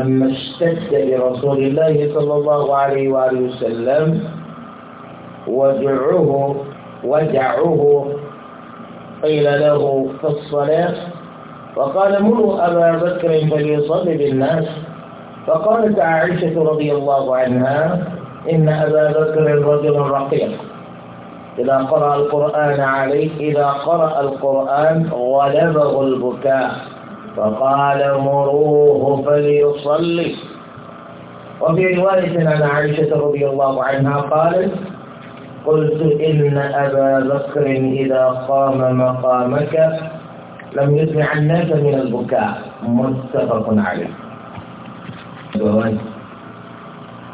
لما اشتد لرسول الله صلى الله عليه وآله وسلم وجعه وجعه قيل له في الصلاة فقال مروا أبا بكر فليصلي بالناس فقالت عائشة رضي الله عنها إن أبا بكر رجل رقيق إذا قرأ القرآن عليه إذا قرأ القرآن غلبه البكاء فقال مروه فليصلي وفي رواية عن عائشة رضي الله عنها قالت قلت إن أبا بكر إذا قام مقامك لم يسمع الناس من البكاء متفق عليه جواز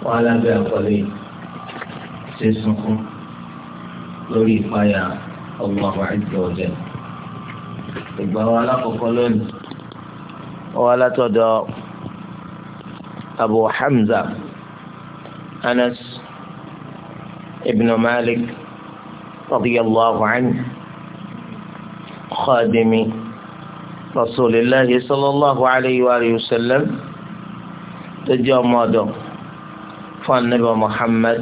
وعلى قليل سيسمكم لوري الله عز وجل ìgbà wa alákọ̀ọ́kọ́ ولا تدعو أبو حمزة أنس ابن مالك رضي الله عنه خادم رسول الله صلى الله عليه وآله وسلم تجمد فالنبي محمد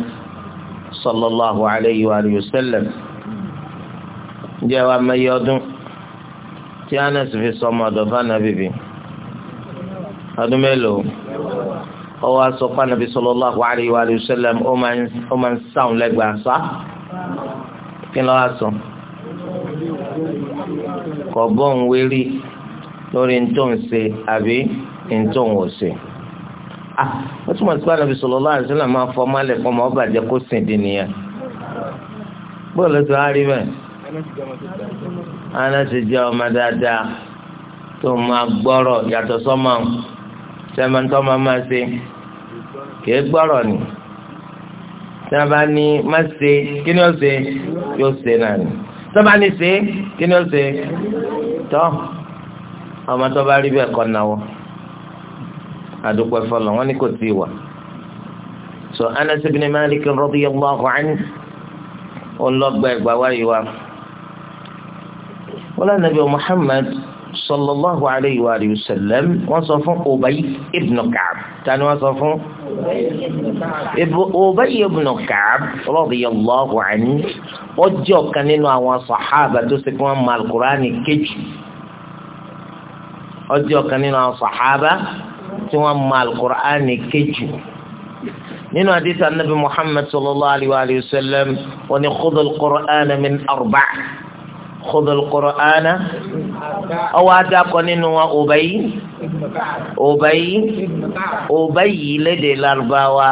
صلى الله عليه وآله وسلم جاء من يدن تيانس في صمد فالنبي بي ọdún mélòó ó wá sọ pé anabi sallallahu alaihi wa sallam ó máa ń sáwọn lẹ́gbàá sá kí ló wá sọ kọ bọ́ọ̀n wérí lórí ntọ́ ń ṣe àbí ntọ́ ń wò ṣe. wọ́n túmọ̀ sí pé anabi sallallahu alaihi wa sallam máa fọ́ mọ́lẹ̀ fún ọba àjẹ kó sìn dín nìyẹn bọ́ọ̀lù tó á rí bẹ́ẹ̀ ana jẹ́ ọmọ dáadáa tó máa gbọ́rọ̀ yàtọ̀ sọ́mọ́ sẹ́mẹ̀ntọ́ máa máa ṣe kìí gbọ́rọ̀ ni tí wọ́n bá ní má ṣe kí ni ó ṣe yóò ṣe náà ni tí wọ́n bá ní ṣe kí ni ó ṣe tọ́ ọmọ tó bá rí bẹ́ẹ̀ kọ́ náwó àdúpọ̀ fọlọ́ wọn ni kò tí ì wà. so Anas ibn Malik radiyallahu anhu ó lọ́gbà wáyé wa wọ́n lánàá bí Muhammad. صلى الله عليه وآله وسلم وصفه أبي ابن كعب كان وصفه أبي ابن كعب رضي الله عنه وجو كان إنه صحابة تسكوا مع القرآن كج وجو كان إنه صحابة تسكوا مع القرآن كج من حديث النبي محمد صلى الله عليه وآله وسلم ونخذ القرآن من أربع khudul qur'ana ọwọ́ adakọ nínú wọn Ubay Ubay Ubay yìí lédè Lárúbáwá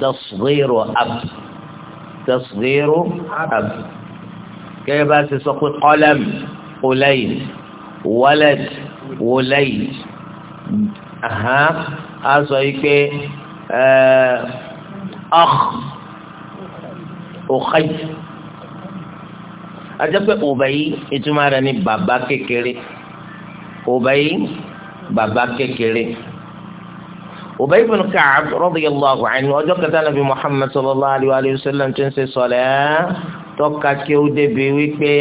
tasghiru ab tasghiru ab gẹ́gẹ́ bá ti sọ pé qalam qulayn walad wulayd a sọ yìí pé ọ̀h eh, ọ̀hẹ́yì ajẹ́pẹ́ Ubayy ìtumọ̀ rẹ̀ ní bàbá kékeré Ubayy bàbá kékeré Ubayy ibn Ka'b radiyallahu anhu ọjọ́ kẹta nàbí Muhammad sallallahu alayhi wa sallam tó ń ṣe sọ̀lẹ́ tọ́ka kí ó débi wípé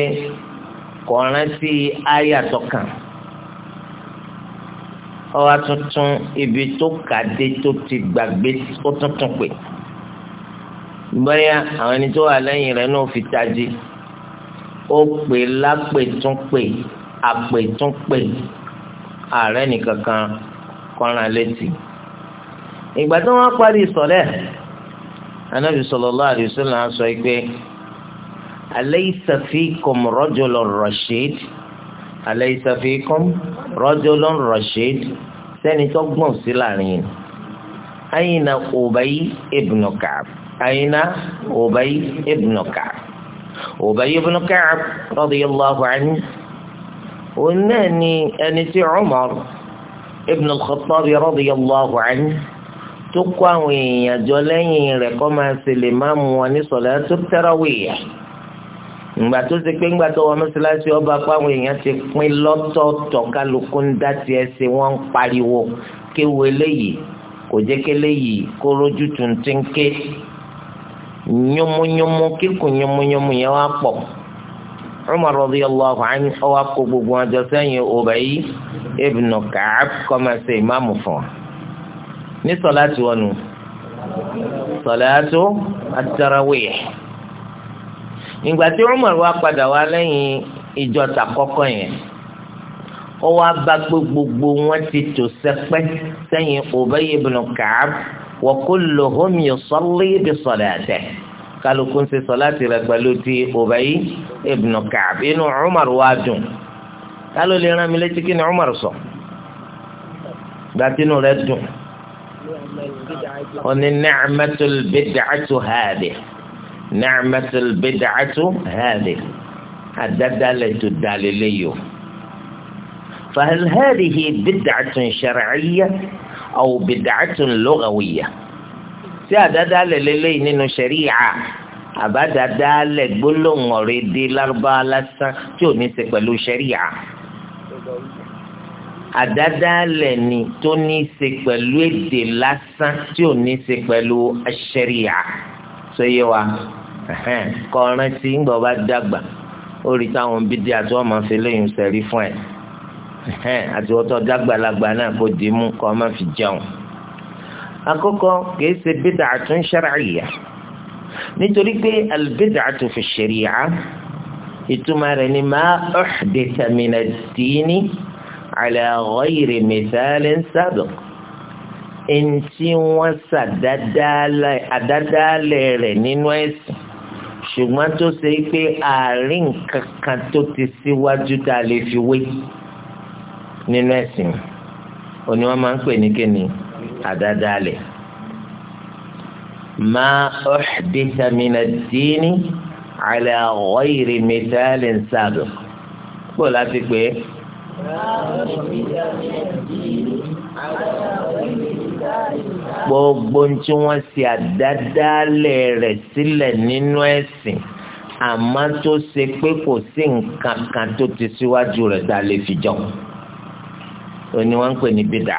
kọ̀ọ̀rántì ayà tọkàn ọwọ́ tuntun ibi tó kàdé tó ti gbàgbé ó tuntun pè bóyá àwọn ẹni tó wà lẹ́yìn rẹ̀ náà fi tají ó pè lápètúnpè àpètúnpè ààrẹ nìkankan kọ́ran létí. ìgbà tí wọ́n parí sọ̀lẹ́ anábì sallallahu alaihi wasallam sọ pé alaysa fikum rajulun rashid alaysa fikum rajulun rashid sẹ́ni tó gbọ̀n sí láàrin yìí ayna Ubay ibn Ka'b ayna Ubay ibn Ka'b. Ubay ibn Ka'b radiyallahu anhu òun náà ni ẹni tí Umar ibn al-Khattab radiyallahu anhu tó kó àwọn èèyàn jọ lẹ́yìn rẹ̀ kọ́ máa ṣe lè má mu wọn ní salatu tarawih ìgbà tó ṣe pé ńgbà tó wọn mọ́ṣáláṣí ọba páwọn èèyàn ti pín lọ́tọ̀ọ̀tọ̀ kálukú ń dá tiẹ̀ sí wọ́n pariwo kéwu eléyìí kò jẹ́ kéléyìí kó rójú tuntun ké nyumunyumu kíkùn nyumunyumu yẹn wá pọ̀ Umar radiyallahu anhu ọwọ́ akó gbogbo wọn jọ sẹ́yìn Ubay ibn Ka'ab kọ́mẹ́sẹ̀ ìmáàmù fún wa ní sọ̀láàtì wọn nù sọ̀láàtì at-tarawih ìgbà tí Umar wá padà wá lẹ́yìn ìjọ tàkọ́kọ́ yẹn ó wá gbogbo wọn ti tò sẹ́pẹ́ sẹ́yìn Ubay ibn Ka'ab. وكلهم يصلي بصلاته قالوا كن في صلاة رجبلوتي أبي ابن كعب إن عمر وادم قالوا لي أنا ملتك إن عمر صح باتنو ردم نعمة البدعة هذه نعمة البدعة هذه الدلالة الداللية فهل هذه بدعة شرعية àwọn bid'atun lughawiyya tí àdáda lẹ̀lẹ́lẹ́ nínú ṣẹ̀ríyà àbádáda lẹ̀ gbólóhùn ọ̀rẹ́dẹ lárúbá lásán tí ò ní ṣe pẹ̀lú ṣẹ̀ríyà àdáda lẹ̀ ni tó ní ṣe pẹ̀lú èdè lásán tí ò ní ṣe pẹ̀lú ṣẹ̀ríyà ṣe yé wa kọ́ ọ̀rántí ńgbọ́ bá dàgbà ó rí táwọn bídíà tí wọ́n máa fi lẹ́yìn sẹ́rí fún ẹ̀ àti wọ́tọ̀ dágbàlagbà náà kò dì í mú kọ́ má fi jẹun. àkọ́kọ́ kìí ṣe bídà àtún ṣẹ́ráyà nítorí pé àlùbídà àtún fi ṣẹ̀ríyà ìtumọ̀ rẹ̀ ni máa ọ̀ḥdẹ̀ tàmínà dìínì àlẹ́ ọ̀rọ̀ ìrèmẹ̀sálẹ̀ ń sábà eŋti wọn sàdádálẹ̀ rẹ̀ nínú ẹ̀sìn ṣùgbọ́n tó ṣe pé àárín kankan tó ti síwájú tá a lè fi wé nínú ẹ̀sìn òní wọ́n máa ń pè ní kíni àdádálẹ̀ ma uhditha min ad-dini ala ghayri mithalin sabiq bó láti pé gbogbo tí wọ́n ṣe àdádálẹ̀ rẹ̀ sílẹ̀ nínú ẹ̀sìn àmọ́ tó ṣe pé kò sí nǹkan kan tó ti síwájú rẹ̀ dá fi jọ òní wọ́n ń pè ní bídà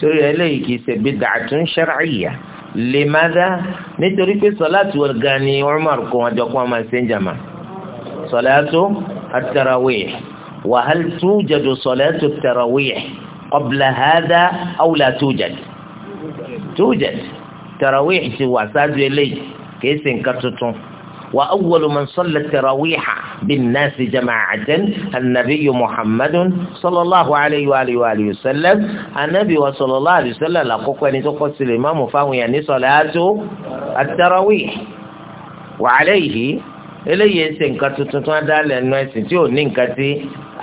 torí eléyìí kìí ṣe bídà tún ṣẹ́ráyà lè má dá nítorí pé sọláàtì wọn gan ni Umar kó wọn jọ kó wọn máa ṣe ń jàmà sọláàtù at-tarawih wa hal tujadu sọláàtù at-tarawih qabla hadha aw la tujadu tujadu tarawih ti wà sáájú eléyìí kìí ṣe nǹkan tuntun. وأول من صلى التراويح بالناس جماعة النبي محمد صلى الله عليه وآله وآله وسلم النبي صلى الله عليه وسلم لقوك أن تقص الإمام فهو يعني صلاة التراويح وعليه eléyìí ẹsẹ̀ nǹkan tuntun tó ń dá lẹ́nu ẹ̀sìn tí ò ní nǹkan tí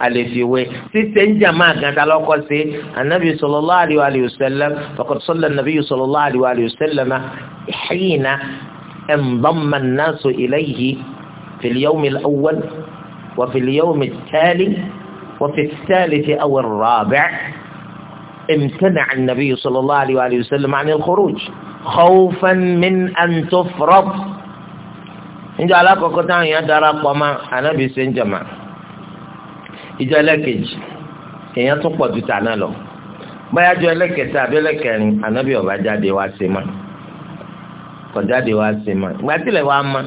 a lè fi wé ṣíṣe ń jà máa gan ta lọ́kọ́ sí anabi sallallahu alaihi wa sallam faqad salla an sallallahu alaihi wa sallam hina انضم الناس إليه في اليوم الأول وفي اليوم التالي وفي الثالث أو الرابع امتنع النبي صلى الله عليه وسلم عن الخروج خوفا من أن تفرض إن جعلك قطعاً يدرق وما أنا بسين جمع إجعلك إجعلك إن يتقوى تتعنى له ما يجعلك تابلك أنا بيوبا جادي واسي kọjáde wá sí ma ìgbà tílẹ̀ wá ma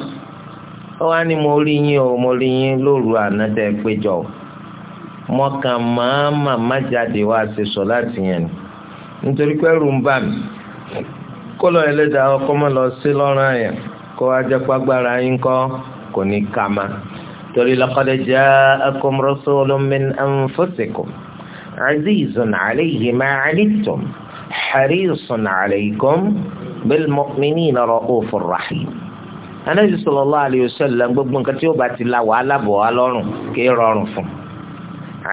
ó wá ní mo rí yín o mo rí yín lóru àná tẹ o mo kàn máa màmá jáde wá ṣe sọ láti yẹn ni nítorí pé ẹ̀rù ń bà mí kó ọkọ mọ́ lọ sí lọ́rùn àyàn kó wá jẹ́ pàgbára yín kọ́ kò ní ma torí laqad harisun aleikum bilmu'minina ra'ufur rahim anabi sallallahu alayhi wa sallam gbogbo nǹkan tí ó bá ti la wàhálà bọ̀ wá lọ́rùn kì í rọrùn fún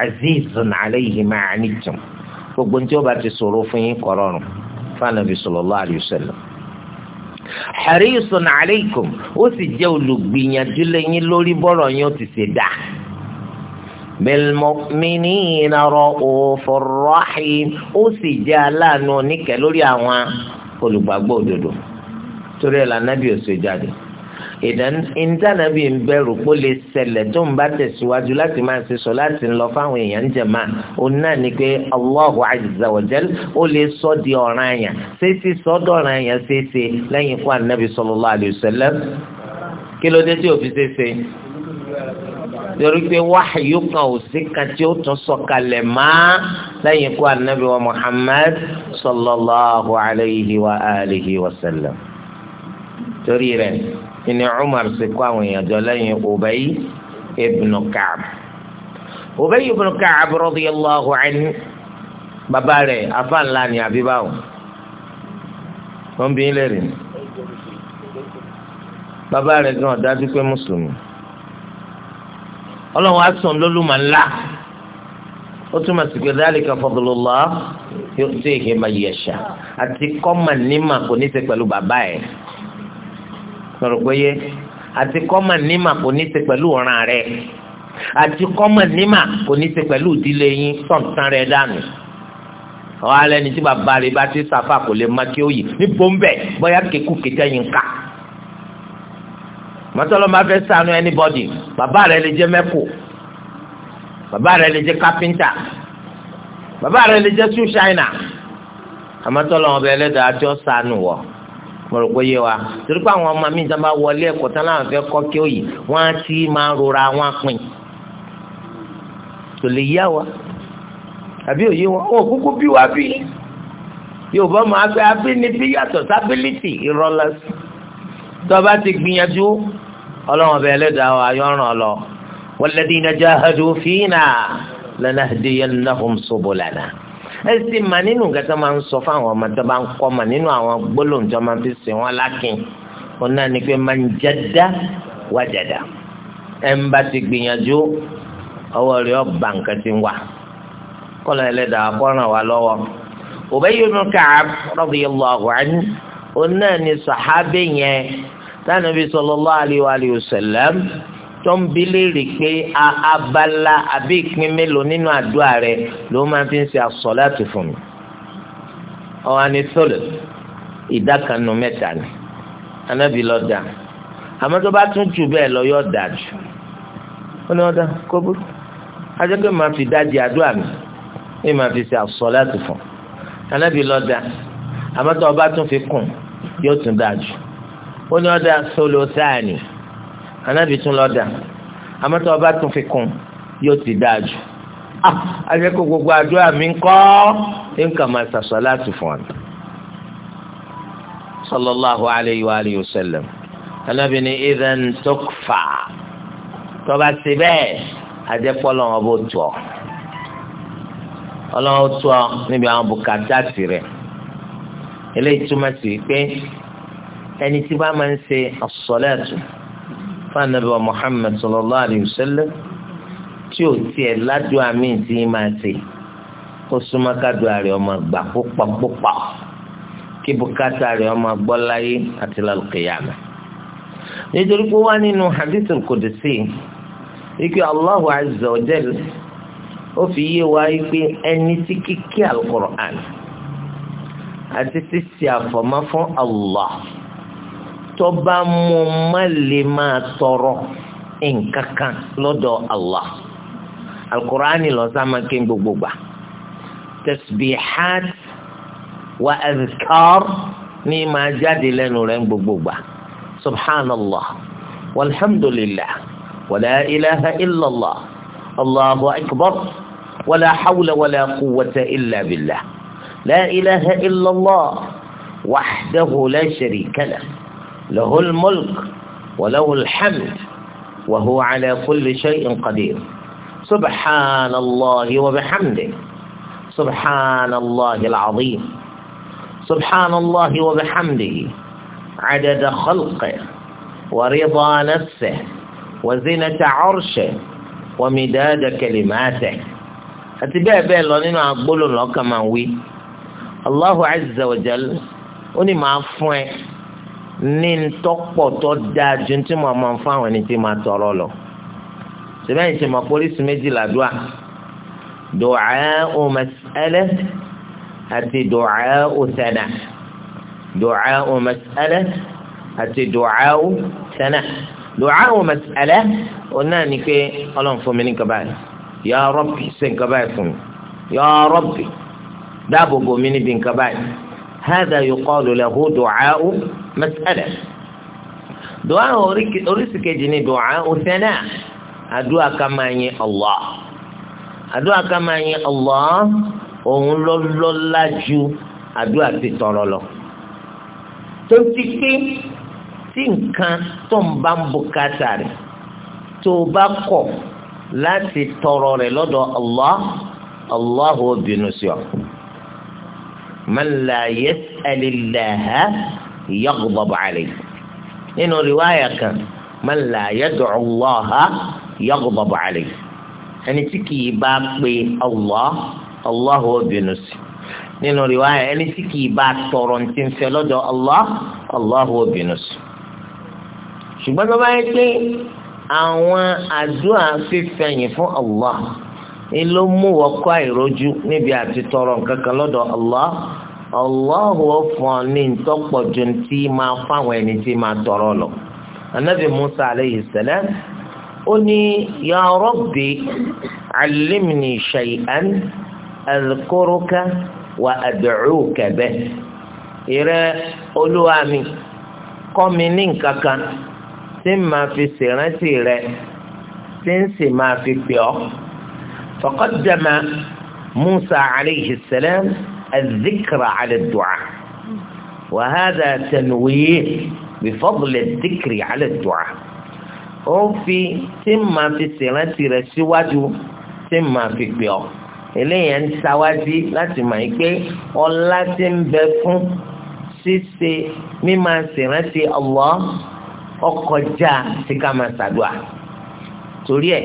azizun alayhi ma anittum gbogbo tí ó bá ti ṣòro fún yín kò rọrùn fún anabi sallallahu alayhi wa sallam harisun aleikum ó sì jẹ́ olùgbìyànjú lẹ́yìn lórí bọ́rọ̀ yín ó ti ṣe dáa bilmu'minina ra'ufur rahim ó sì jẹ́ aláàánú oníkẹ́ lórí àwọn olùgbàgbọ́ òdodo torí ẹ̀ lànàbí ò ṣe jáde ìdánábì ń bẹ̀rù pé ó lè ṣẹlẹ̀ tó ń bá tẹ̀síwájú láti máa ṣe sọ láti lọ fáwọn èèyàn ń jẹ̀má òun náà ni pé Allahu azza wa jal ó lè sọ di ọ̀ràn àyàn ṣéṣe sọ́dọ̀ ọ̀ràn àyàn ṣéṣe lẹ́yìn fún ànábì sallallahu alaihi kí ló dé tí ò fi ṣéṣe torí pé wáhàyò kan ò sí kan tí ó tún sọ̀kalẹ̀ máa lẹ́yìn ikú anabi wa muhammad sallallahu alayhi wa alihi wa sallam torí rẹ̀ ìní umar sì kó àwọn èèyàn jọ lẹ́yìn ubayi ibn ka'b ubayi ibn ka'b radiyallahu anhu bàbá rẹ̀ afa ni àbíbáwò wọn bí ń bàbá rẹ̀ gan ọ̀dájú pé mùsùlùmí ọlọ́run á sùn lólùmọ̀ ńlá ó túmọ̀ sí pé dhalika fadlullah yu'tihi man yasha àti kọ́mà nímà kò ní í ṣe pẹ̀lú bàbá ẹ̀ sọ̀rọ̀ pé yé àti kọ́mà nímà kò ní í ṣe pẹ̀lú ọ̀ràn rẹ̀ àti kọ́mà nímà kò ní í ṣe pẹ̀lú ìdílé yín tọ̀ǹtàn rẹ̀ dànù ọ̀hálẹ́ni tí bàbá rẹ̀ bá ti sàfà kò lè má kí ó yìí ní bọ́ńbẹ́ bóyá kékù kékẹ́ yín ká mọ́tọ́lọ́ máa fẹ́ sànú anybody Baba rẹ̀ lè jẹ́ mẹ́kù bàbá rẹ̀ lè jẹ́ kápẹ́ńtà bàbá rẹ̀ lè jẹ́ shoe shiner àmọ́tọ́lọ́ ọbẹ̀ ẹlẹ́dàá jọ sànú wọ̀ mo wa torí pé àwọn ọmọ mi ń sábà wọlé ẹ̀kọ́ tán láwọn fẹ́ kọ́ kí ó yìí wọ́n á ti máa rora wọn pin kò lè yá wa àbí òye wọn ò kúkú bí wa bí yorùbá máa fẹ́ abínibí yàtọ̀ sábílítì ìrọ̀lẹ́sì tó bá ti gbìyànjú ọlọ́wọ́n bẹ ẹlẹ́dàá wa yọ̀ràn lọ walladhina jahadu fina lanahdiyannahum subulana ẹ sì mà nínú nǹkan tó máa ń sọ fáwọn ọmọ tó bá ń kọ́ mà nínú àwọn gbólóhùn tó máa fi sè wọ́n lákin wọn náà ní pé man jadda wajada ẹ̀ ń bá ti gbìyànjú ọwọ́ rẹ̀ ọba nǹkan ti wà kọ́lọ̀ ẹlẹ́dàá kọ́ràn wà lọ́wọ́ Ubay ibn Ka'b radiyallahu anhu tánàbí sallallahu alayhi wa alihi wa sallam tó ń bi léèrè pé abala àbí ìpín mélòó nínú àdúrà rẹ̀ ló máa fi ń ṣe àsọ̀láàtì fún mi. ọ̀hún ni sọ̀rọ̀ ìdá kan nù mẹ́ta ni anábì lọ dà àmọ́ tó bá tún jù bẹ́ẹ̀ lọ yọ dà jù ó ní wọ́n dá kó burú ajẹ́ pé màá fi dájì àdúrà mi ní màá fi ṣe àsọ̀láàtì fún anábì lọ dà àmọ́ tó bá tún fi kùn yóò tún dà jù ó ní ọ̀dà solosaani anábì tún lọ́dà amátọ́ ọba tún fi kún yóò ti dáa jù àjẹkọ̀ ah, gbogbo àdúrà mi ń kọ́ máa sàṣọ láti fún wa. sallallahu alayhi wa alihi wa sallam anábì ní idan tókfà tọ́ba ti bẹ́ẹ̀ àjẹpọ̀ lọ́wọ́ bó tù ọ́ ọlọ́wọ́ tù ọ́ níbi àwọn bùkátà ẹni tí bá máa ń ṣe as-salatu fanabi wa Muhammad sallallahu alayhi wa sallam tí ò tiẹ̀ ládùú àmì tí ń máa ṣe kó súnmọ́ kádùá rẹ̀ ọmọ gbà púpàpúpà kí bùkátà rẹ̀ ọmọ gbọ́ láyé àti lálùkìyàmà. nítorí pé wá nínú hadithul qudsi ike Allahu azza wa jalla ó fi yé wa pé ẹni tí kíkí al àti sísè àfọ̀mọ́ fún Allah tọba mu má lè máa tọrọ nǹkan kan lọ́dọ̀ Allah alukur'ani lọ́sàmà kí n gbogbo gbà tasbihat wa azkar ní máa jáde lẹ́nu rẹ̀ ń gbogbo gbà subhanallah walhamdulillah wàlá ilaha illallah allahu akbar wàlá hawla wàlá quwwata illa billah la ilaha illallah wàhdahu la sharika lahu. له الملك وله الحمد وهو على كل شيء قدير سبحان الله وبحمده سبحان الله العظيم سبحان الله وبحمده عدد خلقه ورضا نفسه وزنة عرشه ومداد كلماته أتباع بين لونين أقول لك ما وي الله عز وجل أني ما أفوه ní ntọ́pọ̀ tó dáa ju tí mo máa ń fún àwọn ẹni tí máa tọrọ lọ. sẹ́bẹ̀yìn ṣe mọ̀ pólísì méjì làdúrà dùwà ọ̀mẹ̀sẹ̀lẹ̀ àti dùwà ọ̀sẹ̀nà dùwà ọ̀mẹ̀sẹ̀lẹ̀ àti dùwà ọ̀sẹ̀nà dùwà ọ̀mẹ̀sẹ̀lẹ̀ òun náà ni pé ọlọ́run fún mi ní kaba yìí ya rọ́bì ṣe nkaba yìí fún mi ya rọ́bì dáàbò bò mí níbi nkaba yìí. هذا يقال له دعاء مسألة دعاء أرسك جني دعاء ثناء أدعى كما الله أدعى كما الله òun ló lọ́lá ju àdúrà ti tọrọ lọ. tó ti pé tí nǹkan tó ń bá ń bùkátà rẹ̀ tó o bá kọ̀ láti tọrọ rẹ̀ lọ́dọ̀ Allah Allah ò bínú sí ọ man la yas'alillaha yaghdab alayhi nínú riwaya kan man la yad'u Allaha yaghdab alayhi ẹni tí kìí bá pe Allah Allah ó bínú sí nínú riwaya ẹni tí kìí bá tọrọ ntí ń fẹ́ lọ́dọ̀ Allah Allah ó bínú sí ṣùgbọ́n tó bá yẹ pé àwọn àdúrà fífẹ̀yìn fún Allah ló mú wọkọ àìrójú níbi àti tọrọ nǹkan kan lọ́dọ̀ Allah Allah ó fún ọ ní ntọ́pọ̀ ju ti máa fáwọn ẹni tí máa tọrọ lọ anabi Musa aleyhi salam ó ní ya Rabbi allimni shay'an adhkuruka wa ad'uka bih ìrẹ olúwa mi kọ́ mi ní nǹkan kan tí màá fi ṣèrántí rẹ tí ń sì máa fi pè ọ́. فقدم موسى عليه السلام الذكر على الدعاء وهذا تنويه بفضل الذكر على الدعاء ó fi tí màá fi ṣèrántí rẹ̀ síwájú tí màá fi pè ọ́ eléyìí ń ṣáwájú láti mọ̀ yìí pé ọlá ti ń bẹ fún ṣíṣe mímá ṣèrántí Allah ọkọjá tí ká máa ṣàdúà torí ẹ̀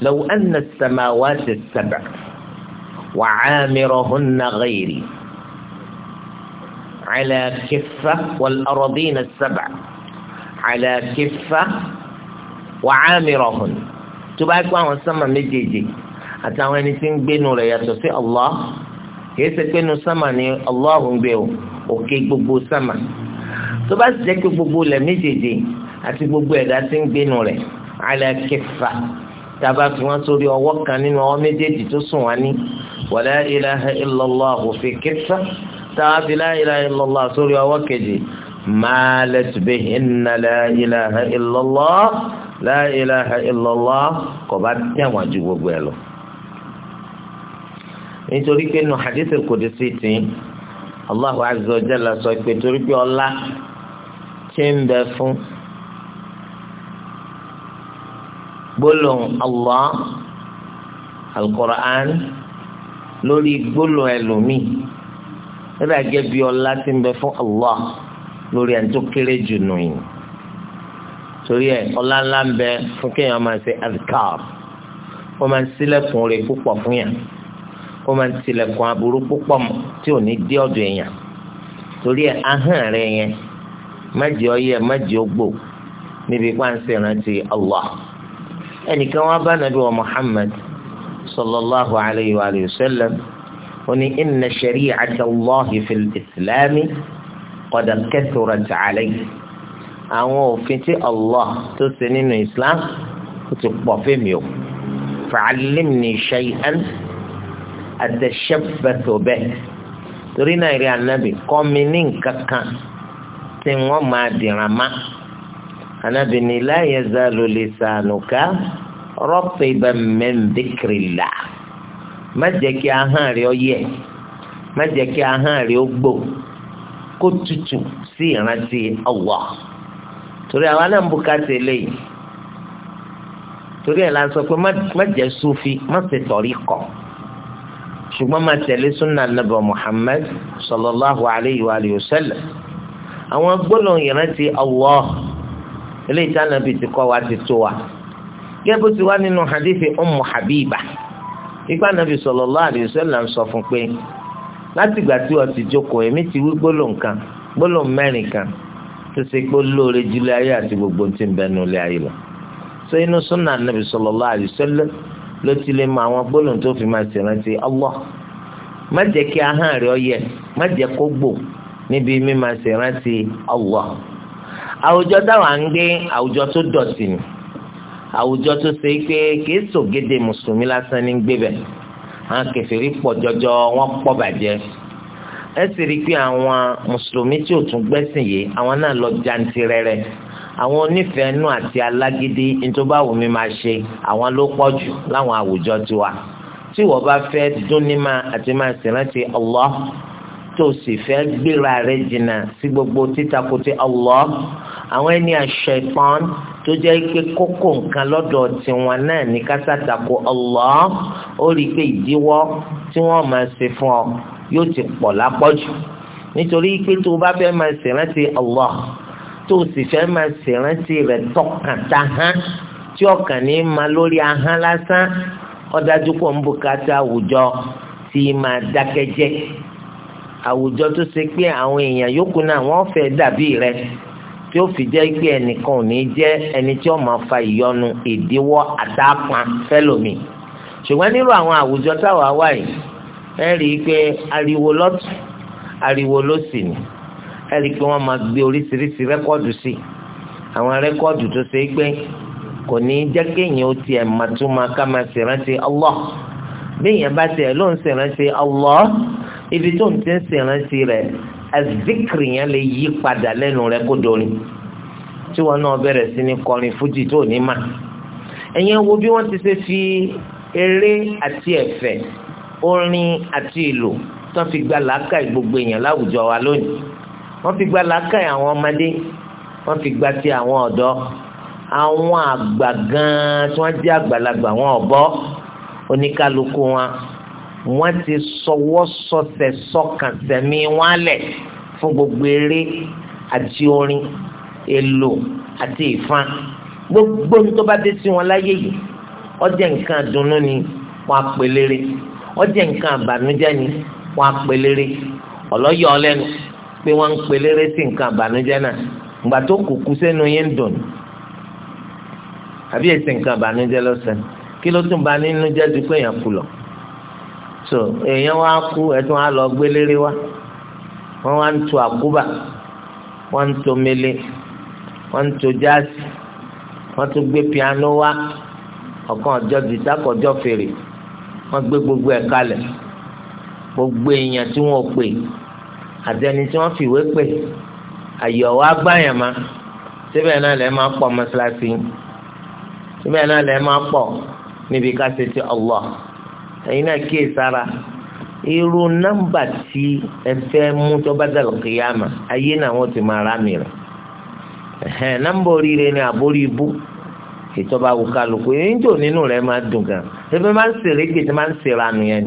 لو أن السماوات السبع وعامرهن غيري على كفة والأرضين السبع على كفة وعامرهن تبعك وعن السماء مجيجي àtàwọn ẹni tí ń gbénu rẹ̀ yàtọ̀ sí Allah kìí ṣe gbénu sámà ni Allah ń gbé o òkè gbogbo sámà tó bá sì jẹ́ pé gbogbo ilẹ̀ méjèèjì àti gbogbo ẹ̀dá tí ń gbénu rẹ̀ ala kiffa tába fi wọn sórí ọwọ́ kan nínú ọwọ́ méjèèjì tó sùn wá ní wala ilaha illallah fi kẹta tába fi la ilaha illallah sórí ọwọ́ kejì malet bihinna la ilaha illallah la ilaha illallah kò bá tẹ̀wọ̀n ju gbogbo ẹ̀ lọ. nítorí pé nù hadith al-qudsi ti Allahu azza wa jalla sọ pé torí pé ọlá ti ń bẹ fún. gbólóhùn Allah alukur'an lórí gbólóhùn ẹlòmíì lórí àgẹbí ọlá tí ń bẹ fún Allah lórí ẹni tó kéré jù nù yìí torí ẹ ọlá ńlá ń bẹ fún kéèyàn máa ṣe azkar ó máa ń ṣílẹ̀kùn rẹ̀ púpọ̀ fún yàn ó máa ń tilẹ̀kùn aburú púpọ̀ tí ò ní dé ọ̀dọ̀ èèyàn torí ẹ ahọ́n rẹ̀ yẹn má ọyẹ má ọgbò níbi pàǹsẹ̀ rántí Allah ẹnìkan wá bá nàbí wa Muhammad sallallahu alayhi wa sallam ó ní inna shari'ata Allahi fil islami qad kathurat alayhi àwọn òfin tí Allah tó ṣe nínú Islam ó ti pọ̀ fẹ́mi o fa'allimni shay'an atashabbathu bihi torí náà rí ànábì kọ́ ní nǹkan kan tí wọ́n máa dìran máa anabi ni la yazalu lisanuka ratban min dhikrillah má jẹ́ kí ahọ́n rẹ̀ ó yẹ̀ má jẹ́ kí ahọ́n rẹ̀ ó gbò kó tutù sí ìrántí Allah torí àwa náà ń bùkátà eléyìí torí ẹ̀ la sọ pé má jẹ́ sufi má ṣe tọ̀rí kọ̀ ṣùgbọ́n tẹ̀lé sunna nabọ Muhammad sallallahu alayhi wa sallam àwọn gbólóhùn ìrántí Allah. eléyìí tí anabi ti kọ́ wa ti tó wa gẹ́gẹ́ bó ti wá nínú hadithi ummu habiba ikú anabi sallallahu alayhi wa sallam sọ fún pé láti tí wọ́n ti jókòó èmi ti wí gbólóhùn kan gbólóhùn mẹ́rin kan tó ṣe pé lóore gbogbo tí ń bẹ nu ilé ayé lọ inú ló ti lè mọ àwọn gbólóhùn tó fi máa ṣèrántí má jẹ́ kí ahọ́n rẹ̀ má jẹ́ kó gbò àwùjọ táwa ń gbé àwùjọ tó dọ̀tí ni àwùjọ tó ṣe pé kìí sògede mùsùlùmí lásán ní gbébẹ̀ àwọn kèfèrí pọ̀ jọjọ wọ́n pọ̀ bàjẹ́ ẹ sì rí i pé àwọn mùsùlùmí tí ò tún gbẹ́sìn yìí àwọn náà lọ jantirẹrẹ àwọn onífẹ̀ẹ́nú àti alágídí nítorí mi máa ṣe àwọn ló pọ̀ jù láwọn àwùjọ tiwa tí wọ́n bá fẹ́ dún ní máa àti máa sì rántí Allah tó sì fẹ́ gbéra rẹ̀ jìnnà sí gbogbo títakùtì Allah àwọn ẹni àṣẹ ìfọn tó jẹ́ pé kókó nǹkan lọ́dọ̀ tiwọn náà ní kásátàkù Allah ó rí i pé ìdíwọ́ tí wọ́n máa ṣe fún ọ yóò ti pọ̀ lápọ̀jù nítorí pé tó o bá fẹ́ máa ṣèrántí Allah tó o sì fẹ́ máa ṣèrántí rẹ̀ tọkàntà hán tí ọkàn ní máa lórí ahán lásán ọ̀dájú pọ̀ ń bùkátà àwùjọ tí máa dákẹ́jẹ́ àwùjọ tó ṣe pé àwọn èèyàn yòókù náà wọ́n fẹ́ dàbí rẹ̀ tí ó fi jẹ́ pé ẹnìkan ò ní jẹ́ ẹni tí ó máa fa ìyọnu ìdíwọ́ àdápọn fẹ́lòmíì ṣùgbọ́n nírú àwọn àwùjọ táwa wà yìí ẹ rí i pé ariwo lọ́tún ariwo lósì ni ẹ rí i pé wọ́n máa gbé oríṣiríṣi rẹ́kọ́ọ̀dù sí àwọn rẹ́kọ́ọ̀dù tó ṣe é gbé kò ní jẹ́ kéèyàn ó tiẹ̀ máa tún máa ká máa ṣèrántí Allah bí èèyàn bá tiẹ̀ ló ń ṣèrántí Allah ibi tó ń ti ń ṣèrántí rẹ̀ azikiri yẹn lè yí padà lẹ́nu rẹ kó dorin tí wọn náà bẹ̀rẹ̀ sí ní kọrin fújì tó ní mà ẹ̀yẹn wo bí wọ́n ti ṣe fi eré àti ẹ̀fẹ̀ orin àti ìlò tó fi gba làákàyè gbogbo èèyàn láwùjọ wa lónìí wọ́n fi gba làákàyè àwọn ọmọdé wọ́n fi gba ti àwọn ọ̀dọ́ àwọn àgbà gan tí wọ́n jẹ́ àgbàlagbà wọn ọ̀bọ oníkálukú wọn wọ́n ti sọwọ́ sọsẹ̀ sọkàn tẹ̀mí wọn lẹ̀ fún gbogbo eré àti orin èlò àti ìfan gbogbo ní tó bá dé sí wọn láyé yìí ọjẹ́ nǹkan dùnnú ni wọ́n á pè léré ọjẹ́ nǹkan àbànújẹ́ ni wọ́n á pè léré ọlọ́yọ̀ ọlẹ́nu pé wọ́n ń pè léré sí nǹkan àbànújẹ́ náà ìgbà tó kùkú sẹ́nu yẹn dùn àbí èsì nǹkan àbànújẹ́ lọ́sẹ̀ kí ló tún bà nínú jẹ́ ju pé kú lọ so èèyàn wá kú ẹtún á lọ gbélére wá wọn wá ń tu àkúbà wọn ń to mele wọn ń to jáàsì wọn tún gbé piano wá ọ̀kan ọjọ́ gìtá kọjọ́ fèrè wọn gbé gbogbo ẹ̀ kalẹ̀ gbogbo èèyàn tí wọn pè àti ẹni tí wọn fìwé pè àyọ̀wò agbáyàn ma síbẹ̀ náà lẹ́ máa pọ̀ mọ́ṣáláṣí síbẹ̀ náà lẹ́ máa pọ̀ níbi ká ṣe ti Allah. ẹ̀yin náà a sára irú nọ́mbà tí ẹ mú tó bá kìyàmà ayé náà ti máa rà mí na ẹ̀hẹ́n oríire ni àbórí ibú ìtọ́ba wù kálukú tó nínú rẹ̀ máa dùn gan ebi máa ń sèré gbèsè máa ń sèrà nù yẹn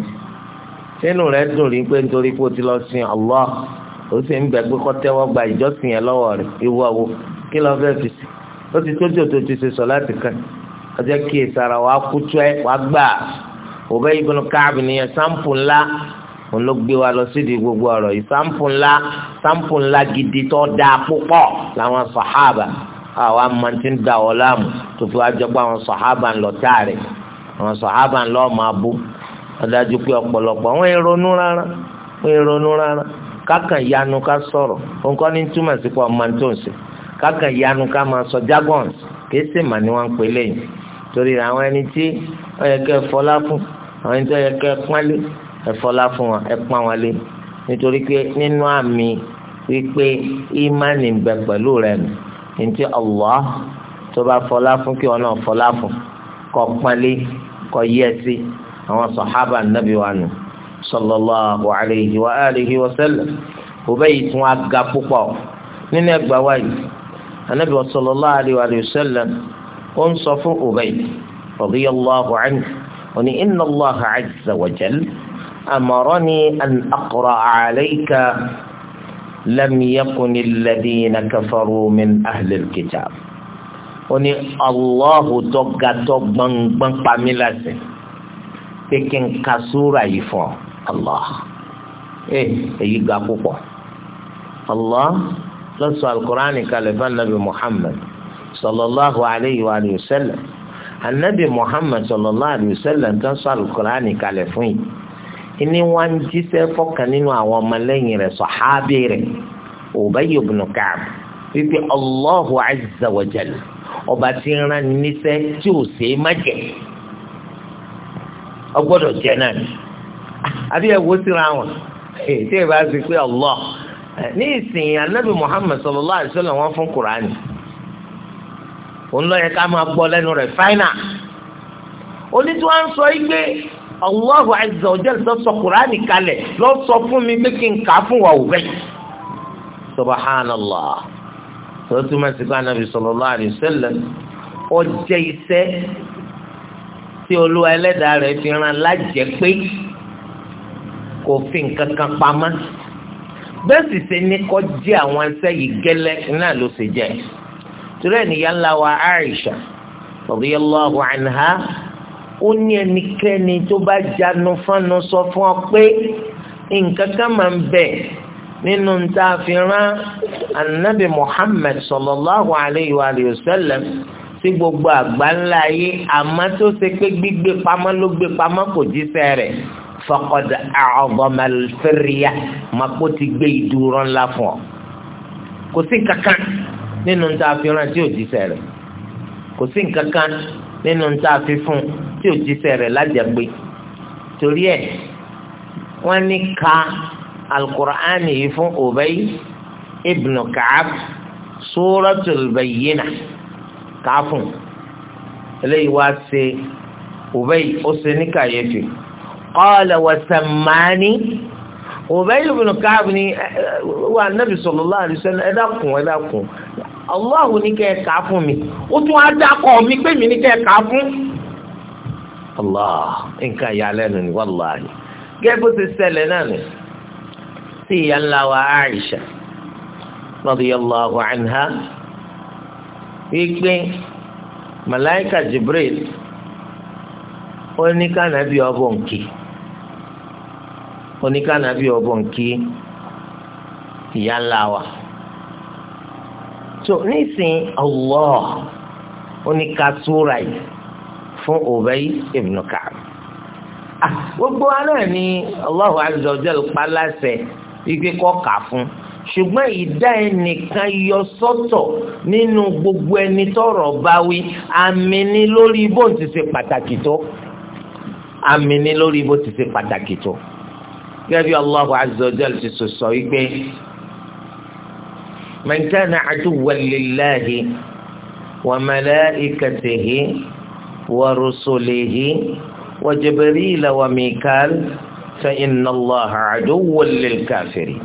nínú rẹ̀ dùn rí pé nítorí pé o ti lọ sin Allah o sì ń bẹ pé kọ́ tẹ́wọ́ sọ láti kàn ọjọ́ kí Ubay ibn Ka'b nìyẹn sampo ńlá òun ló gbé wa lọ sídìí gbogbo ọ̀rọ̀ yìí sampo ńlá sampo ńlá gidi tó dáa púpọ̀ làwọn sàhábà àwa mọ̀tí da ọ̀ láàmú tó fi wá jọ pé àwọn sàhábà ń lọ táàrẹ̀ àwọn sàhábà ń lọ máa bú adájú pé ọ̀pọ̀lọpọ̀ wọn èrò nú rárá wọn èrò nú rárá kákan yanu ká sọ̀rọ̀ nǹkan ní túmọ̀ sí pé ọmọ tó ń sè kákan yanu ká máa sọ jargons kìí sì mà ní wọn pè lẹ́yìn torí àwọn ẹni tí ó yẹ kẹ́ fọlá fún àwọn ẹni tó yẹ kẹ́ ẹ pánlé ẹ fọlá fún wọn ẹ pán wọn lé nítorí pé nínú àmì wípé ìmánì ń bẹ pẹ̀lú rẹ nù ní ti Allah tó bá fọlá fún kí wọn náà fọlá fún kọ pánlé kọ yẹ sí àwọn sàhábà nàbí wa nù sallallahu alayhi wa alihi wa sallam òbẹ́yìí tún á ga púpọ̀ nínú ẹgbàá wáyé anabi wa sallallahu alayhi wa sallam ó ń sọ fún òbẹ́yìí radiyallahu anhu òní inna Allah azza wa jal amarani an aqra alayka lam yakuni alladhina kafaru min ahli alkitab òní Allahu tọ́gatọ́ gbọ̀ngbọ̀n pamílàsẹ̀ pé kí n ka súra yìí fún Allah ẹ eh, èyí ga púpọ̀ Allah ló sọ kalẹ̀ fún anabi Muhammad sallallahu alayhi wa sallam. anabi muhammad sallallahu alaihi wa sallam tó ń sọ alukurani kalẹ̀ fún yìí ìní wọn jíṣẹ́ fọkàn nínú àwọn ọmọlẹ́yìn rẹ̀ sọ̀hábì rẹ̀ Ubayy ibn Ka'b wípé allahu azza wa jal ọba tí ń rán níṣẹ́ tí ò ṣe é má jẹ ọgbọ́dọ̀ jẹ náà àbí ẹ̀ wo síra wọn tí ẹ bá ti pé allah ní ìsìn anabi muhammad sallallahu alaihi wa sallam wọn fún kurani. òun lọ yẹ ká máa gbọ́ lẹ́nu rẹ̀ fáínà onítú wa ń sọ yí pé Allahu azza wa jalla sọ kùránì kalẹ̀ lọ sọ fún mi pé kí n kà á fún wa òwe subhanallah tó túmọ̀ sí pé anabi sallallahu alaihi wasallam ó iṣẹ́ tí olúwa ẹlẹ́dàá rẹ̀ fi ran lájẹ́ pé kò fi nǹkan kan pamọ́ bẹ́ẹ̀ sì ṣe ní kọ́ jẹ́ àwọn iṣẹ́ yìí gẹ́lẹ́ náà ló ṣe jẹ́ torí ẹnìyà ńlá wa Aisha radiyallahu anha ó ní ẹnikẹ́ni tó bá jánu fánu sọ fún ọ pé nǹkan kan máa ń bẹ nínú ta fi rán anabi Muhammad sallallahu alayhi wa sallam sí gbogbo àgbáńlá ayé àmọ́ tó ṣe pé gbígbé pamọ́ ló gbé pamọ́ kò jíṣẹ́ rẹ̀ faqad a'zama al ti gbé ìdúró ńlá fún ọ kò sí kankan nínú tá a fi rán tí ò jíṣẹ́ rẹ̀ kò sí nǹkan kan nínú tá a fi fún tí ò jíṣẹ́ rẹ̀ lájàgbé torí ẹ̀ wọ́n ní ka alukur'ani yìí fún Ubay ibn Ka'ab suratul bayyina kàá fún eléyìí wá ṣe Ubay ó ṣe ní kàyéfì qala wa sammani Ubay Ka'ab ni wà nábì sallallahu alaihi ẹ̀dá kùn ẹ̀dá kùn Allahu ni kẹ́ fún mi ó tún mi pé mi fún. Allah nǹkan ìyàlẹ́nu ni wàláhì gẹ́gẹ́ ti ṣẹlẹ̀ náà ni sí ìyá ńlá wa Aisha malaika Jibril ó ní ká nàbí ọbọ nkì ó tó nísìn Allah oníkasúra yìí fún Ubay ibn Ka'b ah, gbogbo wa náà ni Allahu azza wa jalla pa láṣẹ ike kọ́ka fún ṣùgbọ́n ìdá ẹnìkan yọ sọ́tọ̀ nínú gbogbo ẹni tọ́rọ̀ bá wí àmì ni lórí bó ti ṣe pàtàkì tó àmì lórí bó ti ṣe pàtàkì tó gẹ́gẹ́ bí Allahu azza wa jalla ti sọ من كان عدوا لله وملائكته ورسله وجبريل وميكال فإن الله عدو للكافرين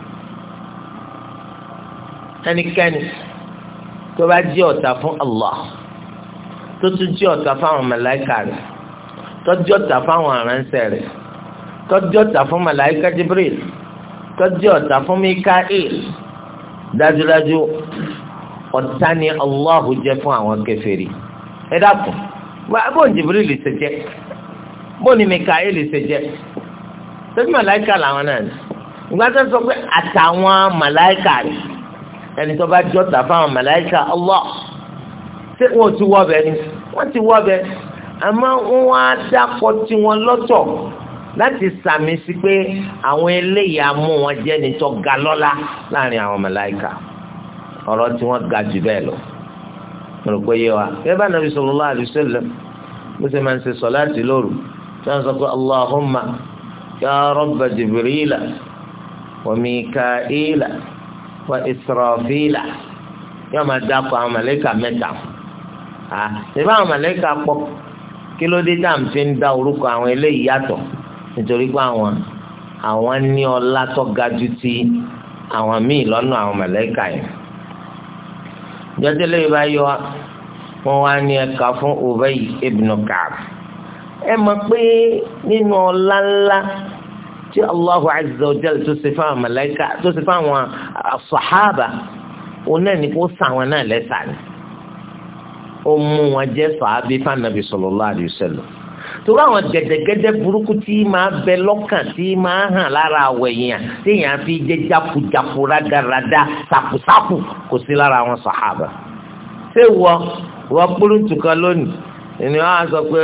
ẹnikẹ́ni tó bá jẹ́ ọ̀tá fún Allah tó tún jẹ́ ọ̀tá fáwọn màláíkà rẹ̀ tó jẹ́ ọ̀tá fáwọn aránṣẹ́ rẹ̀ tó jẹ́ ọ̀tá fún màláíkà Jibril tó jẹ́ ọ̀tá fún Mikael dájúdájú ọ̀tá ni Allahu jẹ́ fún àwọn kèfèrí ẹ dákun bó ní Jibril lè ṣe jẹ́ bó ní Mikael lè ṣe jẹ́ sẹ́jú màláìka làwọn náà ni ìgbà tó sọ pé àtàwọn màláìka rẹ̀ ẹni tó bá jọ́ta fáwọn màláìka Allah ṣé wọ́n ti wọ́ bẹ́ẹ̀ ni wọ́n ti wọ́ bẹ́ẹ̀ àmọ́ wọ́n á dákọ̀ tiwọn lọ́tọ̀ láti sàmì sí pé àwọn eléyìí amú wọn jẹ́ nítọ́ ga lọ́lá láàrin àwọn màláíkà ọ̀rọ̀ tí wọ́n ga jù bẹ́ẹ̀ lọ mo rò pé yé wa bẹ́ẹ̀ bá nàbí sallallahu alaihi wasallam bó ṣe máa ń ṣe sọ̀láàtì lóru tí wọ́n sọ pé Allahumma ya rabba Jibrila wa Mika'ila wa Israfila yóò máa dáko àwọn da orúkọ àwọn eléyìí nítorí pé àwọn àwọn ní ọlá tó ga jù ti àwọn míì lọ́nà àwọn màláíkà yẹn jọ́tẹ́lẹ́ yìí bá yọ wọn wá ní ẹ̀ka fún Ubay ibn Ka'b ẹ mọ̀ pé nínú ọlá ńlá tí Allahu azza wa jalla tó ṣe fáwọn màláíkà tó ṣe fáwọn sàhábà òun náà ní kó sàwọn náà lẹ́sà ni ó mú wọn jẹ́ sàábí fún Ànábì sallallahu alaihi wasallam torí àwọn gẹ́dẹ́gẹ́dẹ́ burúkú tí máa bẹ lọ́kàn tí máa hàn lára àwọ̀ èèyàn téèyàn fi jẹ́ jákujàku rádaràda sàkùsàkù kò sí lára àwọn sàhábà ṣé wọ wọ kúrúntù kan lónìí ìní wọn á sọ pé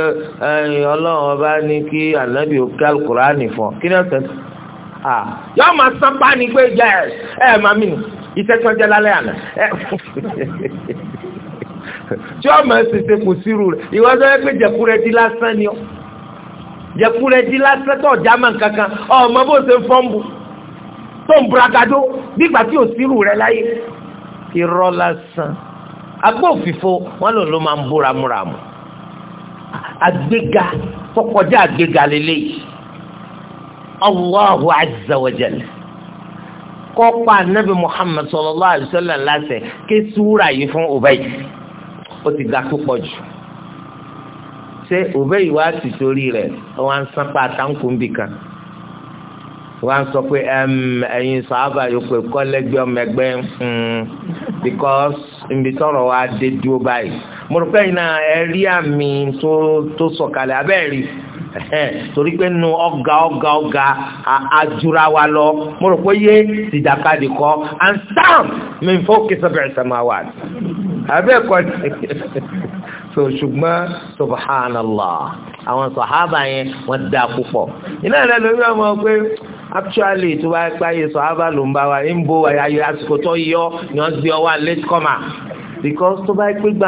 ọlọ́run ọba ní kí ànábì òkè alukurani fún ọ kí ni ọ̀sẹ̀ yọọ máa sábà ní pé jẹ ẹ ẹ màmí ìṣẹ́jọ́ jẹ lálẹ́ àná tí ọmọ ṣèṣe kò sírù rẹ̀ ìwọ sọ pé jẹkúrẹ́dí lásán ni ọ jẹkúrẹ́dí lásán tó jámà kankan ọmọ bó ṣe fọ́ǹbù tó ń burakadó bígbà tí ò sírù rẹ̀ láyé irọ́ lásán agbófinfo wọn lò ló máa ń búra múra mu àgbéga tọkọjá àgbéga lélẹ́yìí Allahu azza wa jalla kọ́pa nabi Muhammad sallallahu alaihi wasallam láṣẹ ké súra yìí fún Ubay ó ti ga púpọ̀ jù ṣé òbẹ́ ìwà ti torí rẹ̀ wọ́n á ń sán pa àtàǹkù níbì kan wọ́n á ń sọ pé ẹ̀yin sàábà yòókù ẹ̀kọ́ lẹ́gbẹ́ ọmọ ẹgbẹ́ hmm. because ibi tọrọ wa dé dúró báyìí mo rò pé ẹ̀yin náà ẹ rí àmì tó sọ̀kalẹ̀ abẹ́ẹ̀rí. torí pé nu ọ̀gá ọ̀gá ọ̀gá àjùra wa lọ mo rò pé yé tìjàkadì kọ and sam mi n fọ́ kí sábẹ̀rẹ̀ Abe abẹ́ kọ́ so ṣùgbọ́n subhanallah àwọn sọ̀hábà yẹn wọ́n dá púpọ̀ iná rẹ̀ lórí ọmọ pé actually tó bá gbáyé sọ̀hábà ló ń bá wa ń bo ayé àsìkò tó yọ ni wọ́n gbé ọwọ́ late comer because tó bá gbégbá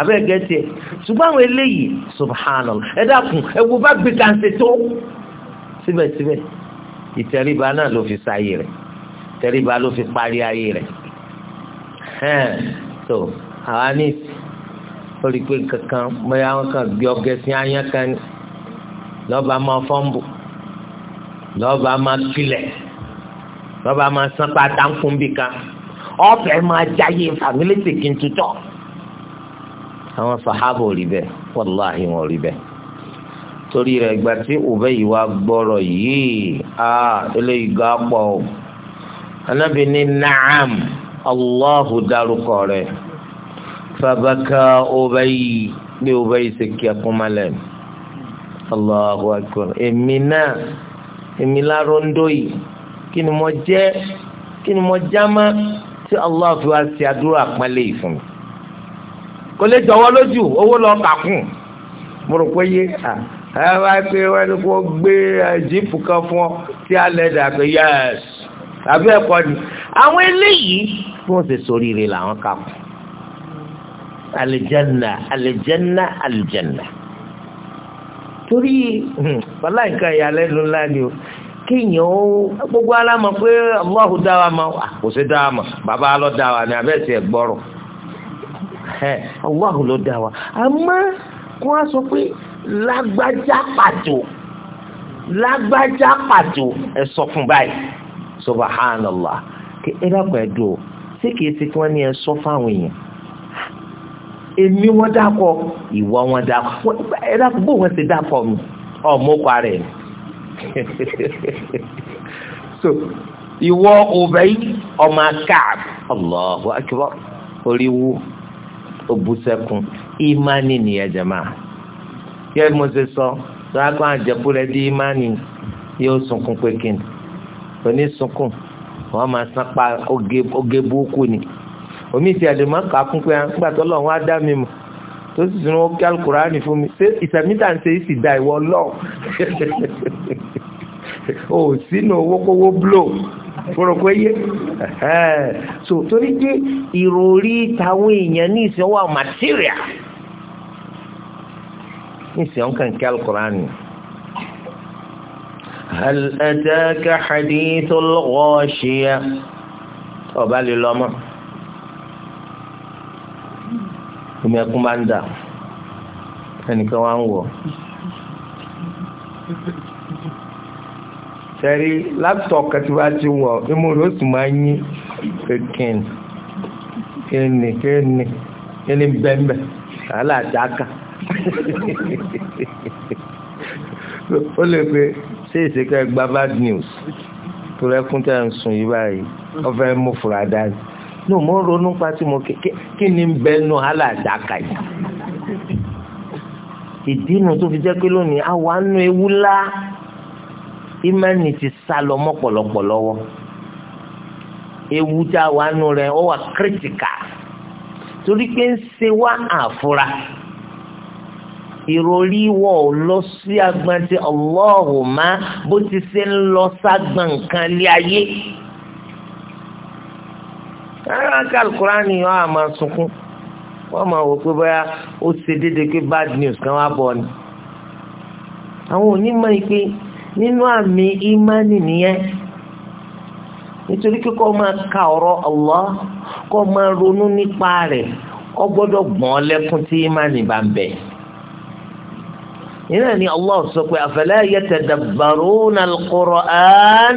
abẹ́ẹ̀gẹ́ tiẹ̀ ṣùgbọ́n àwọn eléyìí subhanallah ẹ dákun ẹ wo bá gbé kàǹtẹ̀ tó síbẹ̀síbẹ̀ ìtẹríba náà ló fi sáyé rẹ̀ ìtẹríba ló fi parí ayé rẹ̀ ẹ̀ẹ́n tó àwa ní orí pé kankan bóyá wọn kàn gbé ọgẹ sí ayán kan ní lọ́ba máa fọ́ǹbù lọ́ba máa kílẹ̀ lọ́ba máa sán pátá ń fún bí ọ̀fẹ́ máa jáyé fàmílẹ́sì kí àwọn sàhábà ò rí bẹ́ẹ̀ wàláhì wọn ò rí bẹ́ẹ̀ torí rẹ̀ ìgbà tí òbẹ́ yìí wá gbọ́rọ̀ yìí a eléyìí ga pọ̀ o anábì ní naam allahu dárúkọ rẹ̀ fàbákà òbẹ́ yìí ní òbẹ́ yìí ṣe kí ẹkún malẹ̀ allahu akbar èmi náà èmi láróńdó yìí kí ni mo jẹ́ kí ni mo já má tí allah fi wá sí àdúrà pẹ́lẹ́ yìí fún mi kò lè jọwọ́ lójú owó lọ kàkún mo rò pé yé ẹ bá pé wọ́n ní kó gbé jíìpù kan fún ọ tí a lẹ̀ dà pé yẹ́s àbí ẹ̀kọ́ ni àwọn eléyìí bí wọ́n ṣe sóríire làwọn kàkún alìjẹ́nà alìjẹ́nà alìjẹ́nà torí wàhálà nǹkan ìyàlẹ́nu ńlá ni o kéèyàn ó gbogbo alámọ̀ pé Allahu dáwà máa kò sí dáwà mọ̀ bàbá lọ dáwà ni abẹ́sẹ̀ gbọ́rọ̀ Allahu ló dá wa àmọ́ kó a sọ pé lágbájá pàtó lágbájá pàtó ẹ sọ fún báyìí subahánàlá kí ẹ dàpọ̀ ẹ dùn ó ṣé kìí ṣe kí wọ́n ní ẹ sọ fáwọn èèyàn èmi wọ́n dákọ̀ ìwọ wọ́n dákọ̀ ẹ dákọ̀ bó wọ́n ṣe dákọ̀ mi ọmọ kọ ara ẹ̀ so ìwọ Ubay ọmọ Ka'b Allahu akbar orí wú ó bú sẹ́kùn ìmánì nìyẹn jẹ̀má kí ẹ mo ṣe sọ lágbá àjẹkúrẹ́ di imani yóò sunkún pé kí ni òní sunkún wọ́n máa sápá oge burúkú ni omi ti àdèmọ́ kà á kún pé nígbà tó lọ́wọ́ á dá mi mọ̀ tó sì tún wọ́n kí alukurani fún mi ṣé ìsẹ̀mítà ń ṣe ìsì da ìwọ lọ́ọ̀ o sínú owó kówó blow fúnrọ̀kọ́ yé so torí pé ìròrí táwọn èèyàn ní ìsìn wà material ní ìsìn ọ̀kan kí alukọ̀ránì. هل أتاك حديث الغاشية ọba lè lọ mọ omi ẹkún bá ń sẹ́rí láptọ̀ kẹtí bá ti wọ̀ imú rẹ̀ ó sì máa yí kìkìn kíni kíni kíni bẹ́ẹ̀mẹ̀ aláàdáka ó lè pe ṣé ìṣèkẹ́ gba bad news tó rẹ́kún tẹ́ ń sùn yí báyìí wọ́n fẹ́ mú fura dání ní mo ń ronú pa tí mo kíni bẹ́ẹ̀nu aláàdáka yìí ìdí inú tó fi jẹ́ pé lónìí àwa nù ewu ńlá ìmánì ti sá lọ mọ́ pọ̀lọpọ̀ lọ́wọ́ ewu tá a wà nù rẹ̀ ó wà kírítíkà torí pé ń ṣe wá àfúrà ìròrí wọ̀ ọ́ lọ sí agbọn tí ọlọ́ọ̀hùn má bó ti ṣe ń lọ ságbọn nǹkan lé ayé. ara ká alukurani wọn a máa sunkún wọn máa wò pé báyà ó ṣe déédéé pé bad news kan wá bọ̀ ni. àwọn onímọ̀ yìí pé nínú àmì ìmánì nìyẹn nítorí kíkọ́ máa ka ọ̀rọ̀ Allah kọ́ máa ronú nípa rẹ̀ ọ gbọ́dọ̀ gbọ́n lẹ́kún tí ìmánì bá ń bẹ̀. ìnáà ni Allah sọ pé afala yatadabbaruna al-Qur'an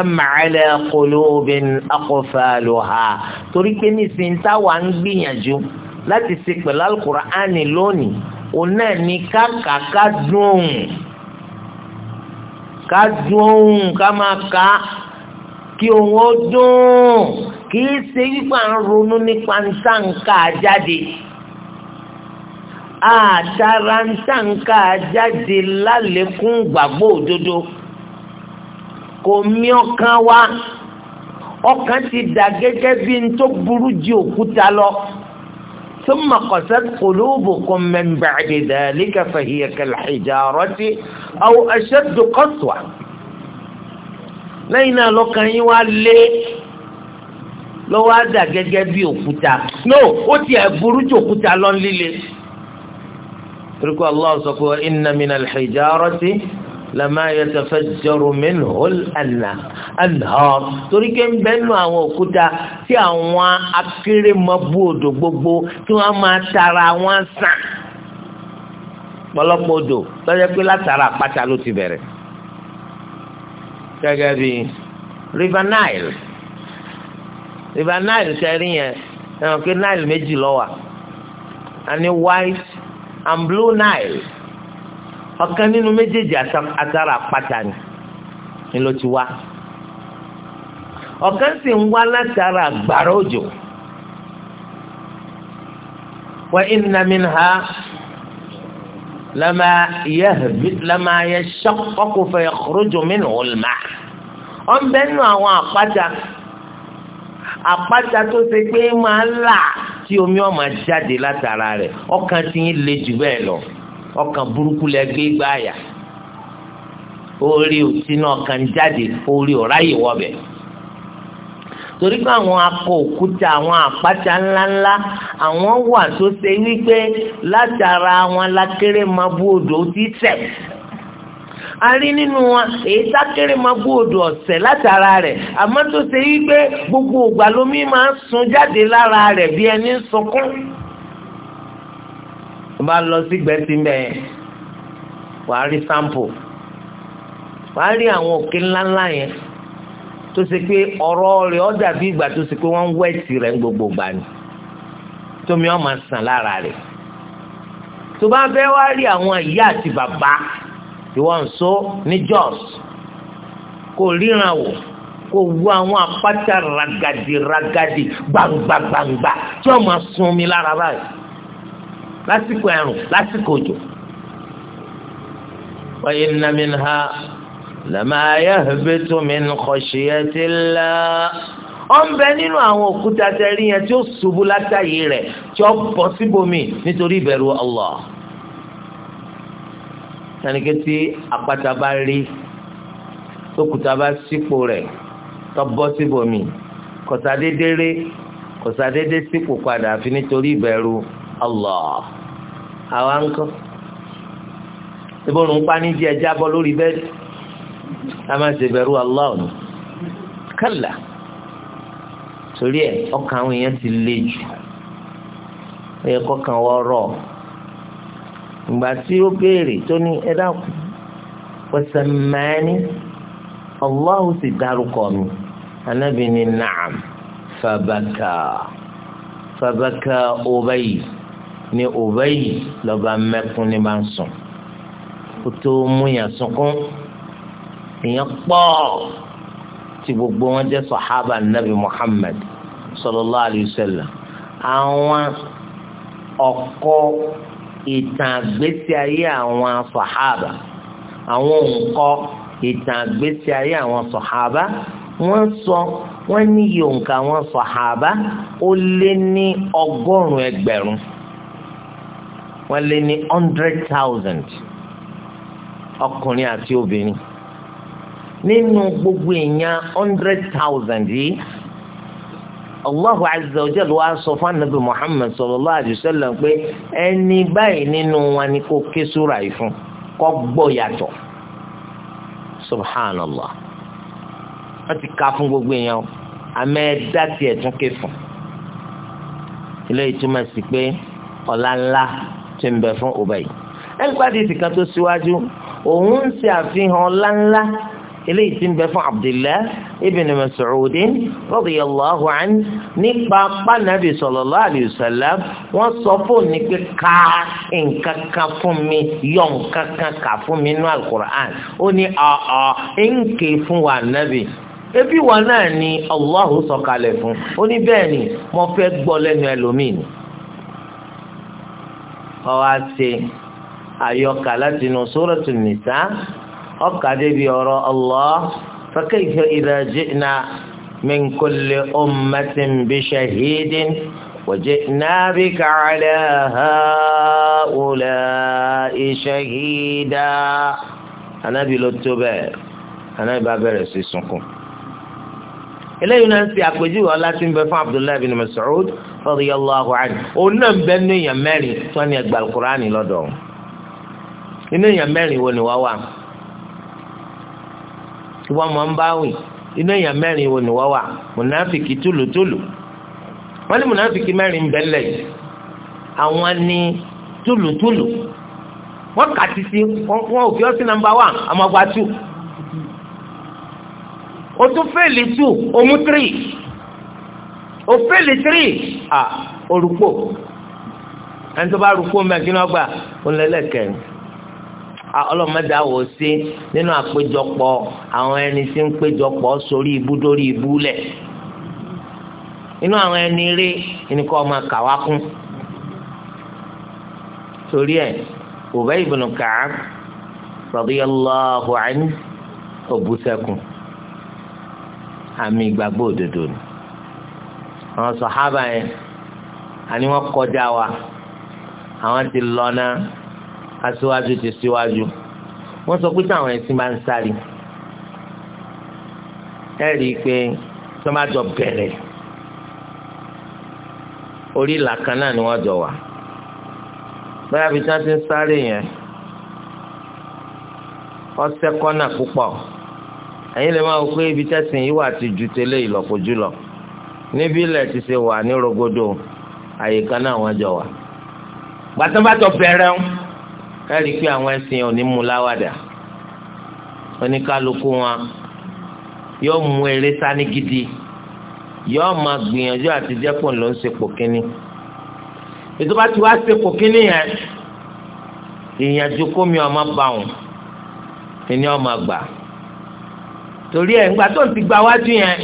am ala qulubin aqfaluha torí pé nísìnyí táwa ń gbìyànjú láti ṣe pẹ̀lú al-Qur'ani lónìí òun náà ní káàkà ká dùn ká dùn ohun ká máa ka kí ohun ó dùn kì í ṣe wípé à ń ronú nípa nsáǹkà jáde àtàrà nsáǹkà jáde lálẹ́kùn gbàgbọ́ òdodo kò mí ọkàn wa ọkàn ti dà gẹ́gẹ́ bí n tó burú ju òkúta lọ. ثم قست قلوبكم من بعد ذلك فهي كالحجارة أو أشد قسوة lẹ́yìn náà lọ́kàn yín wá lé lọ́wọ́ á dà gẹ́gẹ́ bí òkúta no ó ti ẹ̀ burú ju òkúta lọ líle. torí kó Allah sọ pé inna minal hijarati lama yatafajjaru minhul anhar torí ké ń bẹnu àwọn òkúta tí àwọn akérèmọbú odò gbogbo tí wọn máa tara wọn sàn pọ̀lọpọ̀ odò lọ́jọ́ pé látara àpáta ló ti bẹ̀rẹ̀ gẹ́gẹ́ bí river nile river nile sẹ́rí yẹn ẹ̀rọ nile méjì ló wà a white and blue nile ọ̀kan nínú méjèèjì àtàrà àpáta ni ni ló ti wá ọ̀kan sì ń wá látara àgbàrá òjò wa inna minha lama yahbit lama yashaqqaqu fa yakhruju minhu al-ma' ọ̀n bẹ́ẹ̀ nù àwọn àpáta àpáta tó ṣe pé máa ń là tí omi ọ̀ jáde látara rẹ̀ ọkàn ti ń le jù bẹ́ẹ̀ lọ ọkàn burúkú lẹ gbé gbá àyà orí òtínú ọkàn jáde orí ọ̀ráyè wọbẹ̀ torí pé àwọn akọ òkúta àwọn àpáta ńláńlá àwọn wà tó ṣe wípé látara àwọn lakéré máa bú odò tí tẹ̀ a rí nínú wọn èyí tákéré máa bú odò ọ̀sẹ̀ látara rẹ̀ àmọ́ tó ṣe wípé gbogbo ìgbà lómi máa ń sun jáde lára rẹ̀ bí ẹni ń sunkún tó bá lọ sí gbẹ̀sí mẹ́ẹ̀ wàá rí sampo wàá rí àwọn òkè ńláńlá yẹn tó ṣe pé ọ̀rọ̀ rẹ̀ ó dàbí ìgbà tó ṣe pé wọ́n ń wẹ̀tì rẹ̀ ń gbogbo gbà ni tómi ọmọ sàn lára rẹ̀ tó bá fẹ́ wá rí àwọn ìyá àti bàbá ìwọ nsọ ní Jos kò ríran wò kò wú àwọn apáta ragadi ragadi gbangba gbangba tí wọ́n máa sun omi lára báyìí lásìkò ẹ̀rùn lásìkò òjò. wa inna minha lama yahbitu min khashyatillah ó ń bẹ nínú àwọn òkúta tẹ̀rí yẹn tí ó ṣubú látàyè rẹ̀ tí ó bọ́ síbòmí nítorí ìbẹ̀rù Allah. sanike tí àpáta bá rí tókùtà bá sípò rẹ̀ tó bọ́ síbòmí kọ̀sádédéré kọ̀sádédé sípò padà fi nítorí ìbẹ̀rù Allah. àwa ń kọ́ ibo òrùn pani jẹ ẹja bọ́ lórí bẹ́ẹ̀dì a máa ṣe bẹ̀rù torí ọkàn àwọn èèyàn ti le jù ó yẹ kọ́kàn wọ́n rọ̀ ìgbà tí ó béèrè tó ní ẹ dákun pẹ̀sẹ̀ mẹ́ni Allah dárúkọ mi naam fabaka fabaka obayi ni Ubayy lọ́ba mẹ́kún ní máa ń sùn kó tó mú yàn sunkún èèyàn pọ̀ tí gbogbo wọn jẹ́ sọ̀hábà nàbì Muhammad sallallahu alayhi wa sallam àwọn ọkọ ìtàn àgbésí ayé àwọn sọ̀hábà àwọn òǹkọ ìtàn àgbésí ayé àwọn sọ̀hábà wọ́n sọ wọ́n níyì òǹkà àwọn sọ̀hábà ó lé ní ọgọ́rùn-ún ẹgbẹ̀rún. wọ́n lé ní hundred thousand ọkùnrin àti obìnrin nínú gbogbo èèyàn hundred thousand yìí allahu azza wa jalla wa sọ fún anabi muhammad sallallahu alayhi wa sallam pé ẹni báyìí nínú wọn ni kò ké súra yìí fún kó gbọ́ subhanallah wọ́n ti ka fún gbogbo èèyàn amẹ́ẹ́dá tiẹ̀ tún ké fún ilé ìtumọ̀ sí pé ọ̀la ńlá ti ń bẹ fún Ubay ẹnìpàdé ti kan tó síwájú òun ń ṣe àfihàn ńláńlá eléyìí ti ń bẹ fún Abdullah ibn Mas'ud radiyallahu anhu nípa pànàbì sallallahu alayhi wa sallam wọ́n sọ fóònù ní pé ká nǹkan kan fún mi yọ nǹkan kan kà fún mi nínú al-Qur'an ó ní ọ̀ọ́ ń ké fún wa nàbì ebi wa náà ni Allahu sọ̀kalẹ̀ fún ó ní bẹ́ẹ̀ ni mo fẹ́ gbọ́ lẹ́nu ẹlòmíì ni wọ́n wá ṣe àyọkà láti inú sóràtù nìta ọkà débi ọ̀rọ̀ Allah fakayfa idha ji'na min kulli ummatin bi shahidin wa ji'na bika ala ha'ula'i shahida anábì ló tó bẹ́ẹ̀ sí sunkún eléyìí náà ń ṣe àpèjúwe ọlá tí ń bẹ fún abdullahi bin masoud radiyallahu anhu òun náà ń bẹ nínú èèyàn mẹ́rin tí wọ́n ní ẹgbà alukurani lọ́dọ̀ inú èèyàn mẹ́rin wo ni wá wà ìwọ ọmọ ń bá wì inú èèyàn mẹ́rin wo ni wá wà mùnàfìkì túlùtúlù wọ́n ní mùnàfìkì mẹ́rin bẹ́lẹ̀ àwọn ní túlùtúlù wọ́n kà ti sí wọ́n ò fi ọ́ sí nàmbà wà àmọ́ gba o tún fèlì two o mú three o fèlì three à orúkọ ẹni tó bá rúkọ mẹ kí ni wọn gbà ó lẹlẹkẹrin ọlọ́mọdé àwọ̀ sí nínú àpéjọpọ̀ àwọn ẹni tí ń péjọpọ̀ sórí ibú dórí ibú lẹ̀ inú àwọn ẹni rí ẹnìkan ọmọ kàwá kún torí ẹ Ubay ibn Ka'ab radiyallahu anhu òbúsẹ́kùn àmì ìgbàgbọ́ òdodo ni àwọn sọ̀hábà yẹn àní wọ́n kọjá wa àwọn ti lọ́nà aṣíwájú ti síwájú wọ́n sọ pé táwọn ẹ̀sìn máa ń sáré ẹ rí i pé tó máa jọ bẹ̀rẹ̀ orí ìlà kan náà ni wọ́n jọ wà báyà bí tí wọ́n ti ń sáré yẹn ọ̀sẹ̀ kọ́nà púpọ̀ ẹ̀yin lè máa wò pé ibi tẹ́sìn yìí wà ti ju tẹ́lẹ̀ ìlọ́kojú lọ níbi ilẹ̀ ti ṣe wà ní rogodo àyíká náà wọ́n jọ wà. gbàtán bá tọ bẹ̀rẹ̀ ń ẹ pé àwọn ẹ̀sìn ò ní mú láwàdà oníkálukú wọn yóò mú eré sani gidi yóò máa gbìyànjú àti jẹ́pọ̀ ló ń sepò kínní ètò bá ti wá sepò kínní yẹn ìyànjú kómi ọmọ bá wọn ìní ọmọ gbà torí ẹ̀ ńgbà tó ń ti gba wájú yẹn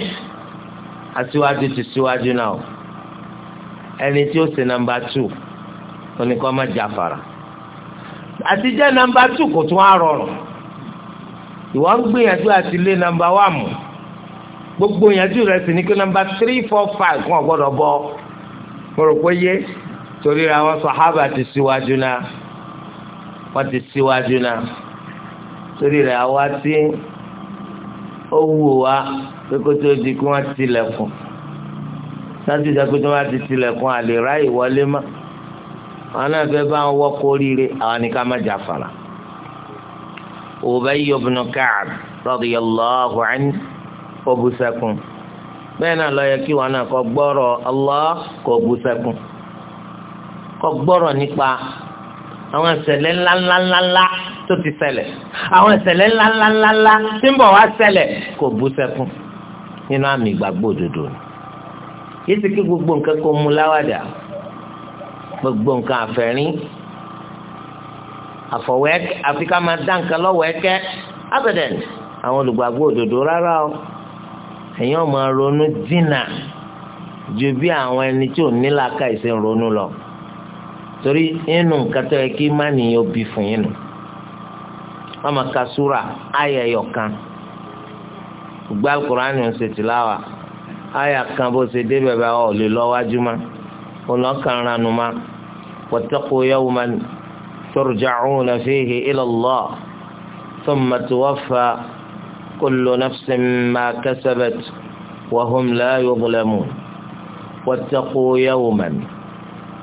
aṣíwájú ti síwájú náà ẹni tí ó ṣe nàmbà tù oníkọ́ má jáfara àti jẹ́ nàmbà tù kò tún á rọrùn ìwọ ń gbìyànjú àti lé nàmbà wà mú gbogbo ìyànjú rẹ sì ní kí nàmbà tírí fọ fáì fún ọgbọdọ bọ mo rò pé yé torí àwọn sàhábà ti síwájú náà wọn ti síwájú náà torí rẹ àwa ti. Si ó wù wá ekwesị kó di kí wọ́n tilẹ̀kùn láti jẹ́ pé ti tilẹ̀kùn àlè ráyè wọlé náà bá wọn àwọn ni má jà fara. Ubay náà yẹ kí wọn náà Allah kó bú sẹ́kùn kọ́ gbọ́rọ̀ nípa àwọn tó ti ṣẹlẹ̀ àwọn ìṣẹ̀lẹ̀ ńláńláńlá tí ń bọ̀ wá ṣẹlẹ̀ kò bú sẹ́kún nínú àmì ìgbàgbọ́ òdodo ni yìí ti kí gbogbo nǹkan kó mu láwàdà gbogbo nǹkan àfẹ́rín àfọwẹ́ àfi ká máa dá nǹkan lọ́wọ́ ẹ̀kẹ́ abẹ́dẹ̀n àwọn olùgbàgbọ́ òdodo rárá o ẹ̀yin ọmọ ronú dínà ju bí àwọn ẹni tí ò ní làákàyè ṣe ń ronú lọ torí inú nǹkan tó yẹ kí má nìyẹn ó bí fún yín nù wọn máa ka súra ayẹ yọkan gbogbo alukur'an yóò ṣe tìláwà ayẹ kan bó ṣe dé bẹ̀bẹ̀ ọ̀ lè lọ́wájú ma ọlọ́kàn ranu ma wattaqu yawman turja'una fihi ila Allah thumma tuwaffa kullu nafsin ma kasabat wa hum la yuzlamun wattaqu yawman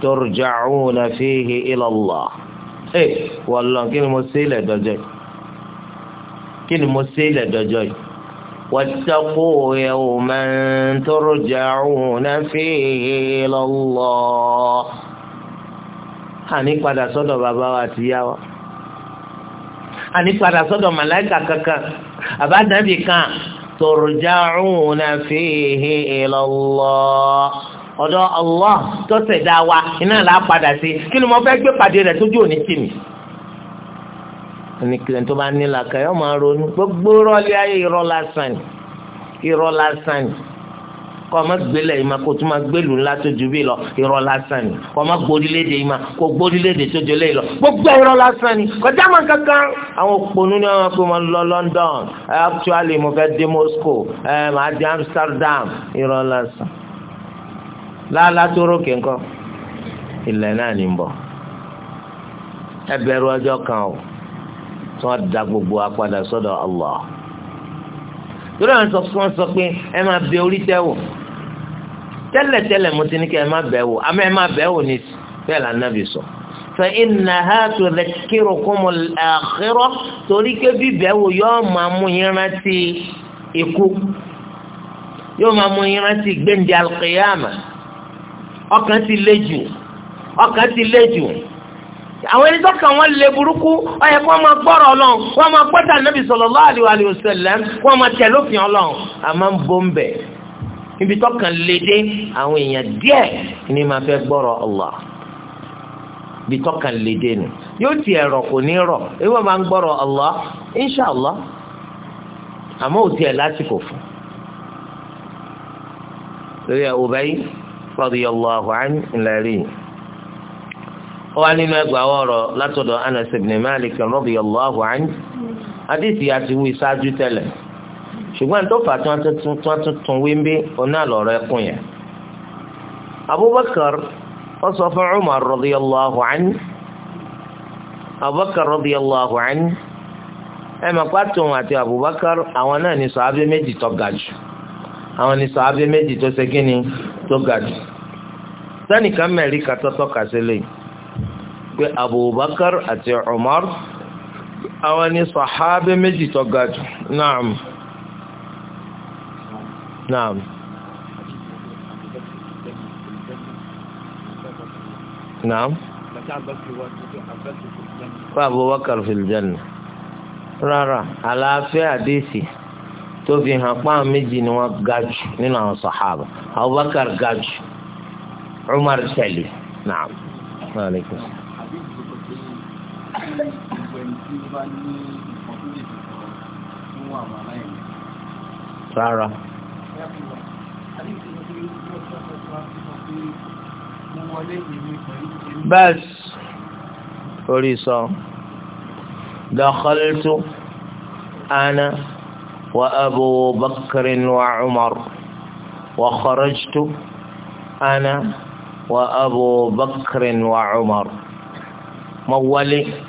turja'una fihi ila Allah ẹ wọ́n lọ kí mo ṣe ilẹ̀ dọ́jọ́ kí ni mo ṣe lẹ́dọ̀jọ́ yìí. واتقوا يوما ترجعون فيه إلى الله àní padà sọ́dọ̀ bàbá wa àti ìyá wa àní padà sọ́dọ̀ màláìkà kankan àbádàbí kan ترجعون فيه إلى الله ọ̀dọ̀ Allah tó ṣẹ̀dá wa iná là á padà sí kí ni mo fẹ́ gbé pàdé rẹ̀ tójú òní tì mí oníkìlẹ̀ tó bá nílà kan yóò máa ronú gbogbo rọlẹ́ ayé irọ́ lásán irọ́ lásán kọ́ ma gbélé yìí ma kó tó ma gbélu ńlá tó ju bí lọ irọ́ lásán ni kọ́ ma gbórílédè yìí ma kó gbórílédè tó ju léyìí lọ gbogbo irọ́ lásán kọjá ma kankan. àwọn òpònú ni wọn pe wọn lọ London actually mo fẹ́ dé Moscow ẹ máa di Amsterdam irọ́ lásán. lálá tó rókè ńkọ ilẹ̀ náà ní bọ̀ ẹ bẹ̀rù ọjọ́ kan o tí wọ́n da gbogbo apadà sọ́dọ̀ Allah torí àwọn sọ fún wọn sọ pé ẹ máa bẹ orí tẹ́ wò tẹ́lẹ̀tẹ́lẹ̀ mo ti ní kí ẹ máa bẹ̀ wò àmọ́ ẹ máa bẹ̀ wò ní bẹ́ẹ̀ là nàbì sọ fa inna ha tudhakkirukumul akhirah torí pé bíbẹ̀ wò yóò máa mú yín ikú yóò máa mú yín rántí gbẹ̀ǹdẹ̀ al-qiyamah ọkàn ti lé jù ọkàn ti lé jù àwọn ẹni tó kàn wọ́n lè burúkú ó yẹ kí wọ́n máa gbọ́rọ̀ ọlọ́run wọ́n máa gbọ́dọ̀ ànábì sallallahu alaihi wa sallam wọ́n máa tẹ̀ lófin ọlọ́run àmọ́ ń bọ́ ń bẹ̀ ibi tó kàn lè dé àwọn èèyàn díẹ̀ ni máa fẹ́ gbọ́rọ̀ Allah ibi tó kàn lè dé nu yóò ti ẹ̀rọ kò ní rọ̀ ewu máa ń gbọ́rọ̀ Allah insha Allah àmọ́ òtí ẹ̀ lásìkò fún lórí ẹ̀ Ubay radiyallahu anhu ńlá rí yìí wá nínú ẹgbàá ọ̀rọ̀ látọ̀dọ̀ Anas ibn Malik radiyallahu anhu àdìsí àti wí ṣáájú tẹ́lẹ̀ ṣùgbọ́n tó fà tí wọ́n tún tún wí ń bí oná lọ́rọ̀ ẹkùn yẹn. Abubakar ó sọ fún Umar radiyallahu anhu Abubakar radiyallahu anhu ẹ mọ̀ pàtó òun àti Abubakar àwọn náà ní sàábé méjì tó ga jù àwọn ní sàábé méjì tó ṣe kíni tó ga jù sẹ́nìkan mẹ́rin kàtọ́tọ́ kàṣẹ́lẹ̀ yìí. pé Abubakar àti Umar àwọn ni sàhábẹ́ méjì tó ga jù naam naam. نعم فأبو بكر في الجنة rárá àlàáfíà àdéhìsì tó fi hàn pa méjì ni wọ́n ga jù nínú àwọn sàhábà Abubakar ga jù Umar tẹ̀lé naam. Rara. بس فريسا دخلت أنا وأبو بكر وعمر وخرجت أنا وأبو بكر وعمر مولي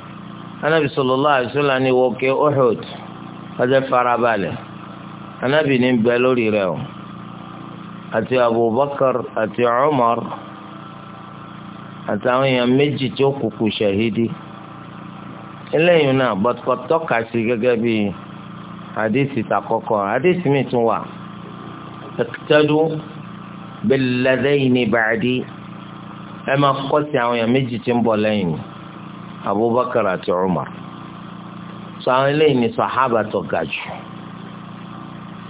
anabi sallallahu alaihi wasallam ni wọkẹ Uhud ọjọ farabalẹ̀ anabi ní bẹ lórí rẹ̀ o àti Abubakar àti Umar àtàwọn èèyàn méjì tí ó kúkú ṣàhídì eléyìí náà bọ́tọ́ tọ́ka sí gẹ́gẹ́ bí hadisi takọ́kọ́ hadisi mi tún wà tẹ̀kítẹ́dù bil ladhaini ba'di ẹ máa kọ́ sí àwọn èèyàn méjì tí ń bọ̀ lẹ́yìn mi abubakar àti umar sọ àwọn eléyìí ni sahaba tó ga jù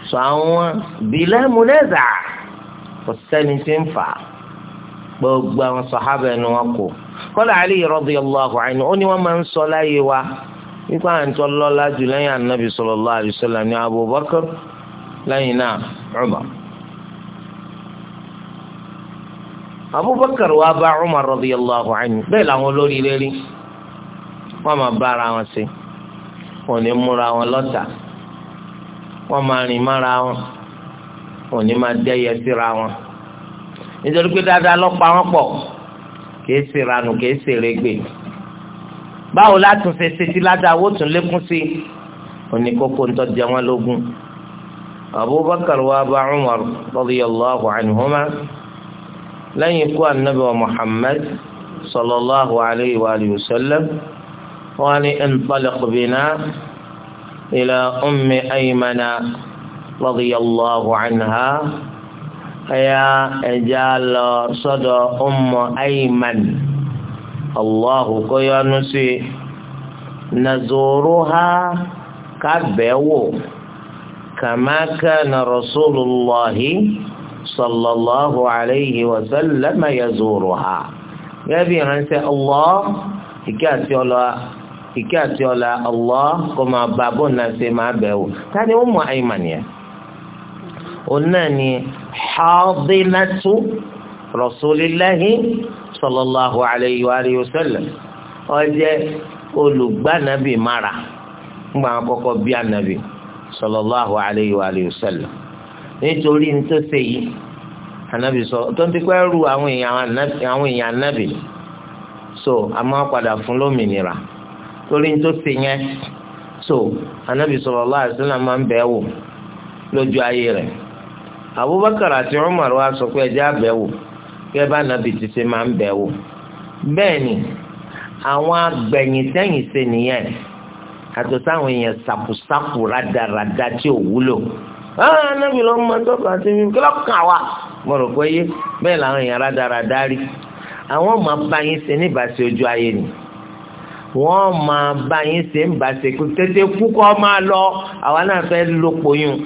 sọ àwọn bila munaza kò sẹ́ni tí ń fà gbogbo àwọn sahaba ẹni wọn kò kọ́lá Ali radiyallahu anhu ó ní wọ́n máa ń sọ láyé wa nípa àǹtọ́ lọ́la jù lẹ́yìn anabi sallallahu alaihi wasallam ní abubakar lẹ́yìn náà umar. abubakar wa bá umar radiyallahu anhu bẹ́ẹ̀ làwọn olórí lérí wọ́n máa bá ara wọn sí wọn ò ní múra wọn lọ́tà wọ́n máa rìn mára wọn wọn ò ní máa dẹ́yẹ síra wọn nítorí pé dáadáa ló pa wọ́n pọ̀ kìí ṣèranù kìí ṣèrègbè báwo látún ṣe ṣe tí ládàá owó tún lékún sí òní kókó ń tọ́jú wọn lógún abubakar wa bá umar radiyallahu anhuma lẹ́yìn ikú anabi wa muhammad sallallahu alayhi wa sallam. قال انطلق بنا إلى أم أيمن رضي الله عنها هي أجال صدى أم أيمن الله كي نزورها كبهو كما كان رسول الله صلى الله عليه وسلم يزورها يبي أنت الله كاتب الله ìkí àti ọ̀la Allah kò máa bá bó náà ṣe máa bẹ̀ wò ta ni ó mọ Ayman yẹn òun náà ni Haadinatu Rasulillahi sallallahu alayhi wa alihi wa mara ńgbà kọ́kọ́ wa wa sọ tó ń àwọn èèyàn so padà torí ní tó ṣe yẹn so anabi sallallahu alaihi wasallam máa ń bẹ̀ wò lójú ayé rẹ̀ abubakar àti umar wa sọ pé ẹjẹ abẹ̀wò kẹ bá anabi ti ṣe máa ń bẹ̀ wò bẹ́ẹ̀ ni àwọn agbẹ̀yìntẹ́yìn ṣe nìyẹn àti sáwọn èèyàn sàkùsàkù rádaràda tí ò wúlò anabi ló máa ń tọ́ka àti mímu kí ló kàn wá mo rò pé yé bẹ́ẹ̀ làwọn èèyàn rádaràda rí àwọn máa bá yín ṣe níbàṣẹ ojú ayé ni wọ́n máa bá yín ṣe ń bàṣekú tètè kú kọ́ máa lọ àwa náà fẹ́ lópo yún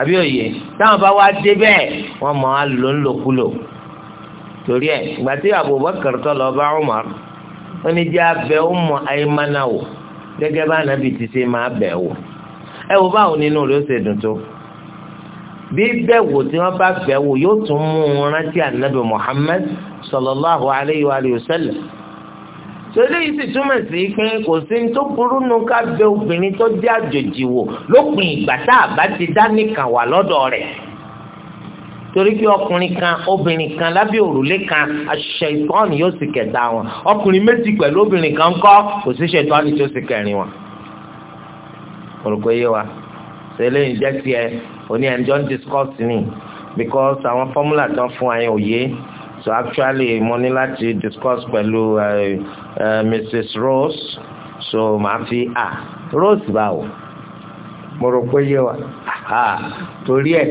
àbí òye táwọn bá wá dé bẹ́ẹ̀ wọ́n mọ̀ á lò ń lòkulò torí ẹ̀ ìgbà tí Abubakar tó lọ bá Umar ó ní jẹ́ abẹ́ Ummu Aymana wò gẹ́gẹ́ bá nàbì ti ṣe máa bẹ̀ wò ẹ wo báwo nínú rẹ̀ ó ṣe dùn tó bí bẹ́ẹ̀wò tí wọ́n bá bẹ̀ wò yóò tún mú un rántí ànábì Muhammad sallallahu alayhi wa sallam eléyìí sì túmọ̀ sí pé kò sí ní tó burú nu ká bẹ obìnrin tó jẹ́ àjòjì wò lópin ìgbà tá a bá ti dá nìkan wà lọ́dọ̀ rẹ̀ torí pé ọkùnrin kan obìnrin kan lábẹ́ òrùlé kan aṣọ ìtọ́ni yóò sì kẹta wọn ọkùnrin méjì pẹ̀lú obìnrin kan kọ́ kò sí ṣe ìtọ́ni tó sì kẹrin wọn. orúkọ yé wa ṣẹlẹ̀ ń jẹ́ tiẹ̀ oní ẹ̀ńjọ́ ń discuss ni because àwọn fọ́múlà tán fún àyẹ̀wò yé so actually mo ní láti discuss pẹ̀lú. Uh, Eh, Mrs. Rose so màá fi a ah, Rose báwo mo rò pé yé wa torí ẹ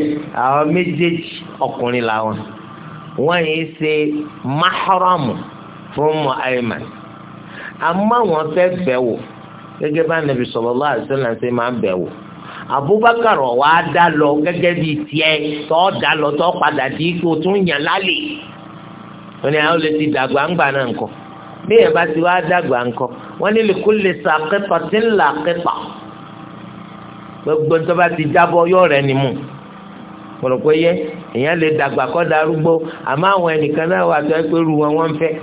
àwọn méjèèjì ọkùnrin làwọn wọn yìí ṣe maharamu fún muhammed àmọ́ wọn fẹ́ fẹ́ wò gẹ́gẹ́ bá nàbì sallallahu alaihi wasallam ṣe máa ń bẹ̀ wò abubakar ọ̀wá dá lọ gẹ́gẹ́ bí tiẹ̀ tọ́ dá lọ tọ́ padà dí kó tún yàn lálẹ́ wọn ni àwọn lè ti dàgbà ńgbà náà nǹkan bí ẹ̀ bá ti wá dàgbà ńkọ wọ́n ní lè kó lè sa kẹta tí ń là kẹta gbogbo tó bá ti jábọ́ yọ rẹ̀ ni mu pọ̀lọpọ̀ yẹ èèyàn lè dàgbà kọ́ darúgbó àmọ́ àwọn ẹnìkan náà wà tó ẹ pé ru wọn wọ́n ń fẹ́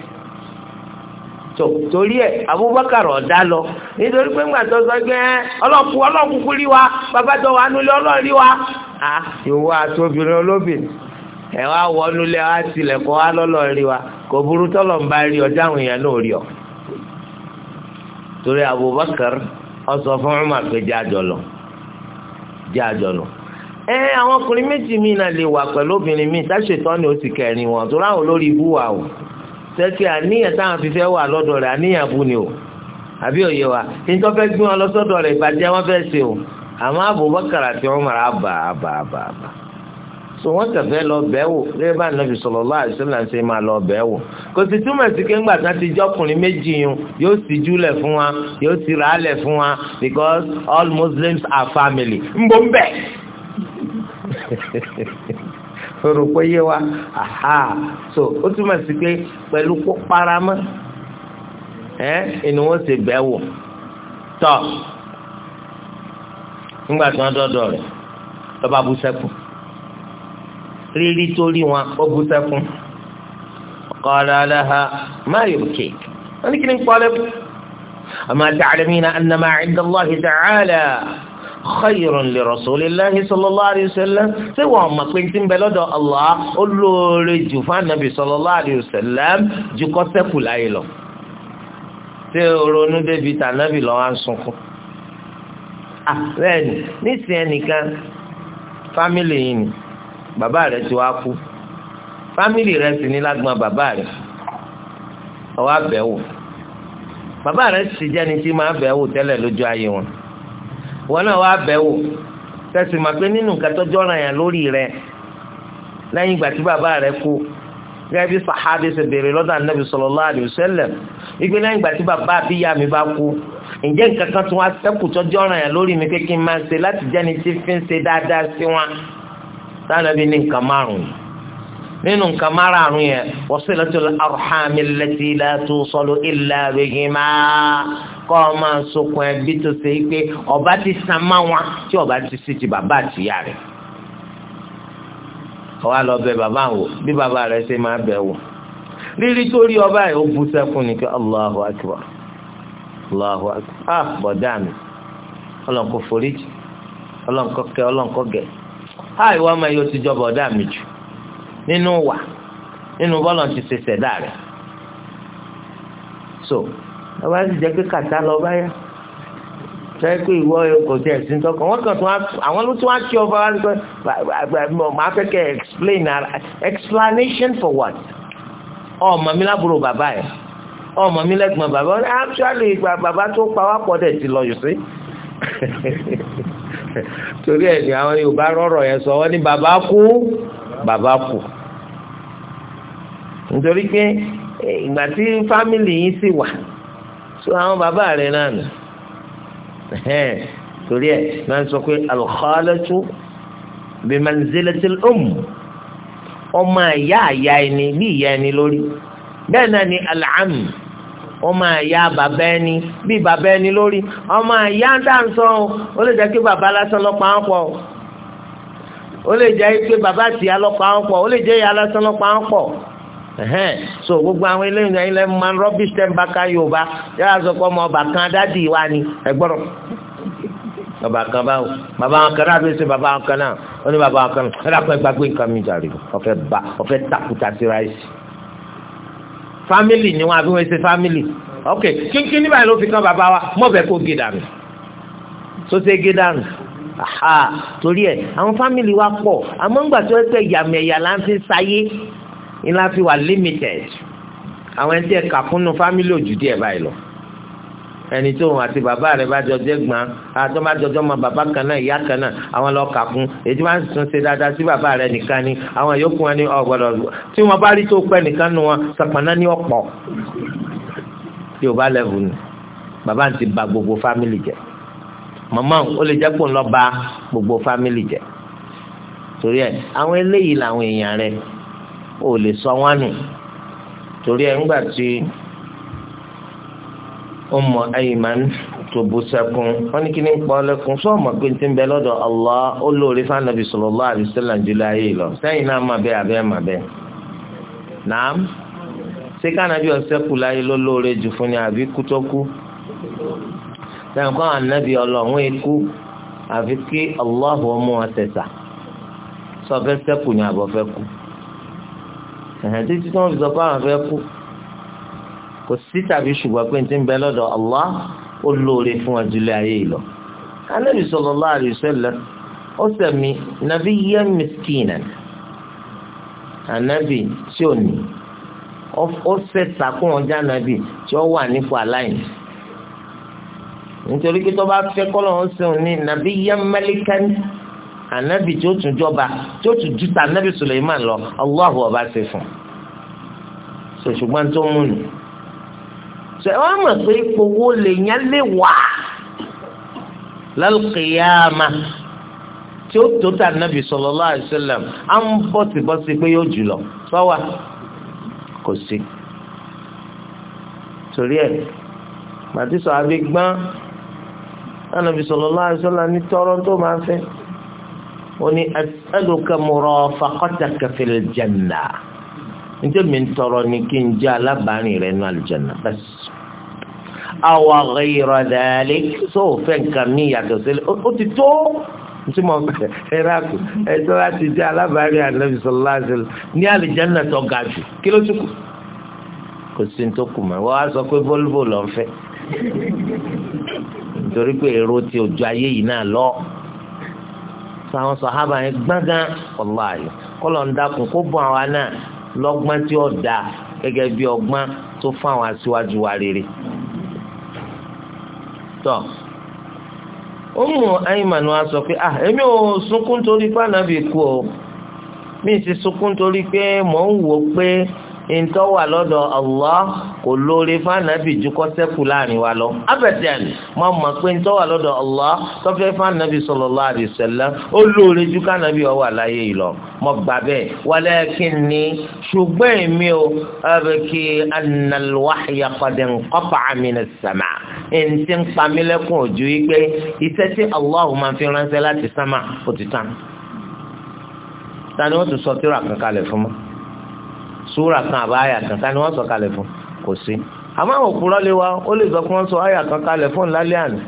torí ẹ Abubakar ọ̀dá lọ nítorí pé ńgbà tó sọ pé ọlọ́kù ọlọ́kù kú rí wa bàbá tó wà nulẹ̀ ọlọ́rí wa ìwọ àtòbìnrin ẹ wá wọnúlẹ̀ wá tilẹ̀kọ́ wá lọ́lọ́rí wa kò burú tọ́lọ̀ ń bá rí ọjà àwọn èèyàn náà rí ọ torí Abubakar ọsọ fún Umar pé jẹ́ àjọlọ jẹ́ àjọlọ ẹ àwọn ọkùnrin méjì míì náà lè wà pẹ̀lú obìnrin míì táṣetọ́ ni ó ti kẹrin wọn torí àwọn olórí ibú wa o tẹ́tí àníyàn táwọn fi fẹ́ wà lọ́dọ̀ rẹ̀ àníyàn bú ni o àbí òye wa nítorí fẹ́ gbé wọn lọ sọ́dọ̀ rẹ̀ ìbàjẹ́ wọn fẹ́ ṣe o àmọ́ Abubakar àti Umar àbà àbà àbà àbà so wọn tẹfẹ lọ bẹẹ wò lẹ́yìn bá nàbì sallallahu alaihi wasallam ṣe máa lọ bẹẹ wò kò sì túmọ̀ sí pé ńgbà tán ti jọkùnrin méjì yun yóò sì júlẹ̀ fún wa yóò sì rà á lẹ̀ fún wa because all muslims are family ń bọ́ ń bẹ̀. rò pé yé wa aha so ó túmọ̀ sí pé pẹ̀lú kó paramọ́ ẹ́ ẹni wọ́n ṣe bẹ́ẹ̀ wò tọ́ ńgbà tán dọ́dọ̀ rẹ̀ lọ́ba bú sẹ́kù rírí tó rí wọn ó bú sẹ́kún qala laha ma yubkik wọ́n ní kí ni ń pọ́lẹ́ bù ama ta'lamina anna ma 'inda Allahi ta'ala khayrun li rasulillahi sallallahu alayhi wa sallam ṣé wọ́n mọ̀ pé tí ń bẹ lọ́dọ̀ Allah ó lóore jù fún anabi sallallahu alayhi wa sallam ju kọ́ sẹ́kù láyé lọ ṣé ronú débi tànàbì lọ́wọ́ à ń sunkún ah bẹ́ẹ̀ ni nísìnyẹn nìkan fámìlì yìí ni bàbá rẹ̀ ti wá kú fámìlì rẹ̀ sì ní lágbọ́n bàbá rẹ̀ ọwọ́ àbẹ̀wò bàbá rẹ̀ sì jẹ́ni tí máa bẹ̀wò tẹ́lẹ̀ lójú ayé wọn wọn náà wá bẹ̀wò tẹ̀sí ma pé nínú nǹkan tó jọ́ra yàn lórí rẹ̀ lẹ́yìn ìgbà tí bàbá rẹ̀ kú gẹ́gẹ́ bí sàhábì ṣe béèrè lọ́dọ̀ anábì sallallahu alaihi wasallam ìgbé lẹ́yìn ìgbà tí bàbá àbíyá mi bá kú ǹjẹ́ nǹkan kan tó wá sẹ́kù tó jọ́ra yàn lórí mi pé kí n ṣe láti jẹ́ni tí fi ń ṣe dáadáa sí wọn sanabi ní nǹkan márùn nínú nǹkan márùn yẹn wasilatul arhamil illa bihima kọ́ ọ máa sokun ẹbí tó ṣe é pé ọba ti san tí ọba ti sí ti bàbá àtìyá rẹ̀ ọba àlọ́ bẹ bàbá wò bí bàbá rẹ̀ ṣe máa bẹ̀ wò rírí ọba yìí ó bu sẹ́kùn Allahu akbar Allahu akbar ah bọ̀dá mi foríjì àìwọ́ ọmọ yóò ti jọba ọ̀dà mi jù nínú wà nínú bọ́lọ̀ ti ṣe ṣẹ̀dá rẹ̀ so ọba ti jẹ́ pé kàtá lọ báyà sọ pé ìwọ kò tẹ ẹsìn tọkàn wọn kàn tún àwọn ló tún wá kí ọba wa sọ fẹ́ kẹ́ explain ara explanation for what ọmọ mi lábúrò bàbá yẹn ọmọ mi lẹ́gbọ̀n bàbá actually bàbá tó pa wá pọ̀ dẹ̀ ti lọ yòó sí torí ẹ̀ ní àwọn Yorùbá rọrọ yẹn sọ wọ́n ní bàbá kú bàbá kú nítorí pé eh, ìgbà tí fámìlì yìí sì wà so àwọn bàbá rẹ náà nù torí ẹ̀ náà sọ pé al-khalatu bi umm. ọmọ ìyá àyà ẹni bí ìyá ẹni lórí bẹ́ẹ̀ náà ni al ọmọ àyà bàbá ẹni bí bàbá ẹni lórí ọmọ àyà dáńsọ ó lè jẹ́ kí bàbá lásán lọ́pọ̀ àwọn pọ̀ ó lè jẹ́ pé bàbá àti ìyá lọ́pọ̀ àwọn pọ̀ ó lè jẹ́ ìyá lásán lọ́pọ̀ àwọn pọ̀ so gbogbo àwọn eléyìí náà ilẹ̀ máa ń rọ́bìṣì tẹ́ ń bá ká Yorùbá yàrá sọ pé ọmọ ọba kan dádì wa ni ẹgbọ́rọ̀ bàbá kan báwo bàbá wọn kan náà ló ṣe bàbá wọn kan náà ó ní bàbá wọn kan náà ẹ dàpọ̀ ẹgbàgbé nǹkan mi jàre ọ̀fẹ́ bá ọ̀fẹ́ takuta sí ráìsì family ni wọn àbí wọn ṣe family ok kínkín nígbà yẹn ló fi kàn bàbá wa mọ̀ bẹ́ẹ̀ kó gé dànù tó ṣe gé dànù aha torí ẹ àwọn family wa pọ̀ àmọ́ ńgbà tó ẹgbẹ́ ìyàmẹ̀yà là ń fi sáyé ni la fi wà limited àwọn ẹni tí ẹ kà kúnnú family òjù díẹ̀ báyìí lọ ẹni tó òun àti bàbá rẹ̀ bá jọjọ́ gbọ́n àtọ́ bá jọjọ́ mọ bàbá kan náà ìyá kan náà àwọn lọ kà fún èyí máa ń sún ṣe dáadáa sí bàbá rẹ̀ nìkan ni àwọn yòókù wọn ni ọ̀gbọ́dọ̀ tí wọ́n bá rí tó pẹ́ nìkan nu wọn sàpàná ní ọ̀pọ̀ yorùbá lẹ́vù ni bàbá ti ba gbogbo fámìlì jẹ màmá ó lè jẹ́ pò ń lọ ba gbogbo fámìlì jẹ torí ẹ àwọn eléyìí làwọn èèyàn rẹ ò lè sọ wọn nù torí ẹ ńgbà tí Ummu Ayman tó bú sẹ́kún wọ́n ní kí ní pọ́ lẹ́kún sọ ọmọ pé tí ń bẹ lọ́dọ̀ Allah ó lóore fánàbí sallallahu alaihi wasallam jùlọ ayé lọ sẹ́yìn náà má bẹ́ẹ̀ abẹ́ má bẹ́ẹ̀ nàám ṣé kánàbí ọ̀sẹ́kù láyé ló lóore jù fún ni àbí kú tó kú sẹ́yìn kọ́ ànábì ọlọ́run ikú àfi kí Allahu ọmọ ọ̀sẹ̀sà sọ fẹ́ sẹ́kù ni àbọ̀ fẹ́ kú ẹ̀hẹ́n títí tí wọ́n fi sọ kò sí tàbí ṣùgbọ́n pé n ń bẹ lọ́dọ̀ Allah ó lóore fún wa jùlọ ayé yìí lọ. anábì sallallahu alaihi wasallam ó sẹ̀mí nabiyyan miskinan anábì tí ò ní ó sẹ̀ sàkún ọjà anábì tí ó wà nípò aláìní nítorí pé tó bá fẹ́ kọ́lọ̀ ń sẹ́wọ̀n ní nabiyyan malikan anabi tí ó tún jọba tí ó tún júta anabi Suleiman lọ Allahu ọba ṣe fún un. tó múnu ṣe wọ́n mọ̀ pé owó lèèyàn lè wà lálùkìyàmà tí ó tó tà nàbì sallallahu alaihi wasallam à ń bọ̀tìbọ̀tì pé yóò jùlọ sọ́wà kò sí torí ẹ̀ màtísọ̀ àbí gbọ́n anabi sallallahu alaihi wasallam ní tọrọ tó máa fẹ́ oni as'aluka murafaqataka fil janna ntẹ mi ń tọrọ ni kí n jẹ́ alábàárin rẹ̀ nínú aljanna bẹ́ẹ̀ awa ghayra dhalik so fẹ́ nǹkan mi yàtọ̀ sílẹ̀ ó ti tó tí mo ẹ̀rọ àkù ẹ̀tọ́ láti jẹ́ alábàárí ànábì sallallahu alaihi wasallam ní àlìjáná tó ga jù kí ló tún kò sí tó kù mọ́ wọ́n á sọ pé volvo lọ́n fẹ́ nítorí pé èrò ti ojú ayé yìí náà lọ sàwọn sàhábà yẹn gbọ́ngàn ọláàyè kọ́lọ̀ ń dákun kó bọ́ àwa náà lọ́gbọ́n tí ó dáa gẹ́gẹ́ bí ọgbọ́n tó fún àwọn aṣíwájú wa rere. tọ́ Ummu Ayman wa sọ pé ah èmi ò sunkún torí pé ànábì kú o mi ti sunkún torí pé mò ntọ́wà lọ́dọ̀ Allah kò lóore fànàbì ju kọ́sẹ́kù láàrin wa lọ. abẹ́tẹ̀n mọ mọ̀ pé ntọ́wà lọ́dọ̀ Allah tọ́fẹ́ fànàbì sallallahu alaihi wasallam ó lóore ju kànàbì ọwà láyé yìí lọ. mọ gbà bẹ́ẹ̀ walakinni ṣùgbọ́n èmi o abẹ́kí annal wahya qad inqata'a minas sama' ntí ń pamílẹ́kùn òjú yìí pé iṣẹ́ tí Allah máa fi ránṣẹ́ láti sàmà ó ti tán. wọ́n ti sọ tíra kankalẹ̀ fún mi súra kan àbá àyà kan ká ni wọ́n sọ kalẹ̀ fún kò sí àmọ́ àwọn òpùrọ́ lé wa ó lè sọ pé wọ́n sọ àyà kan kalẹ̀ fún lálẹ́ àná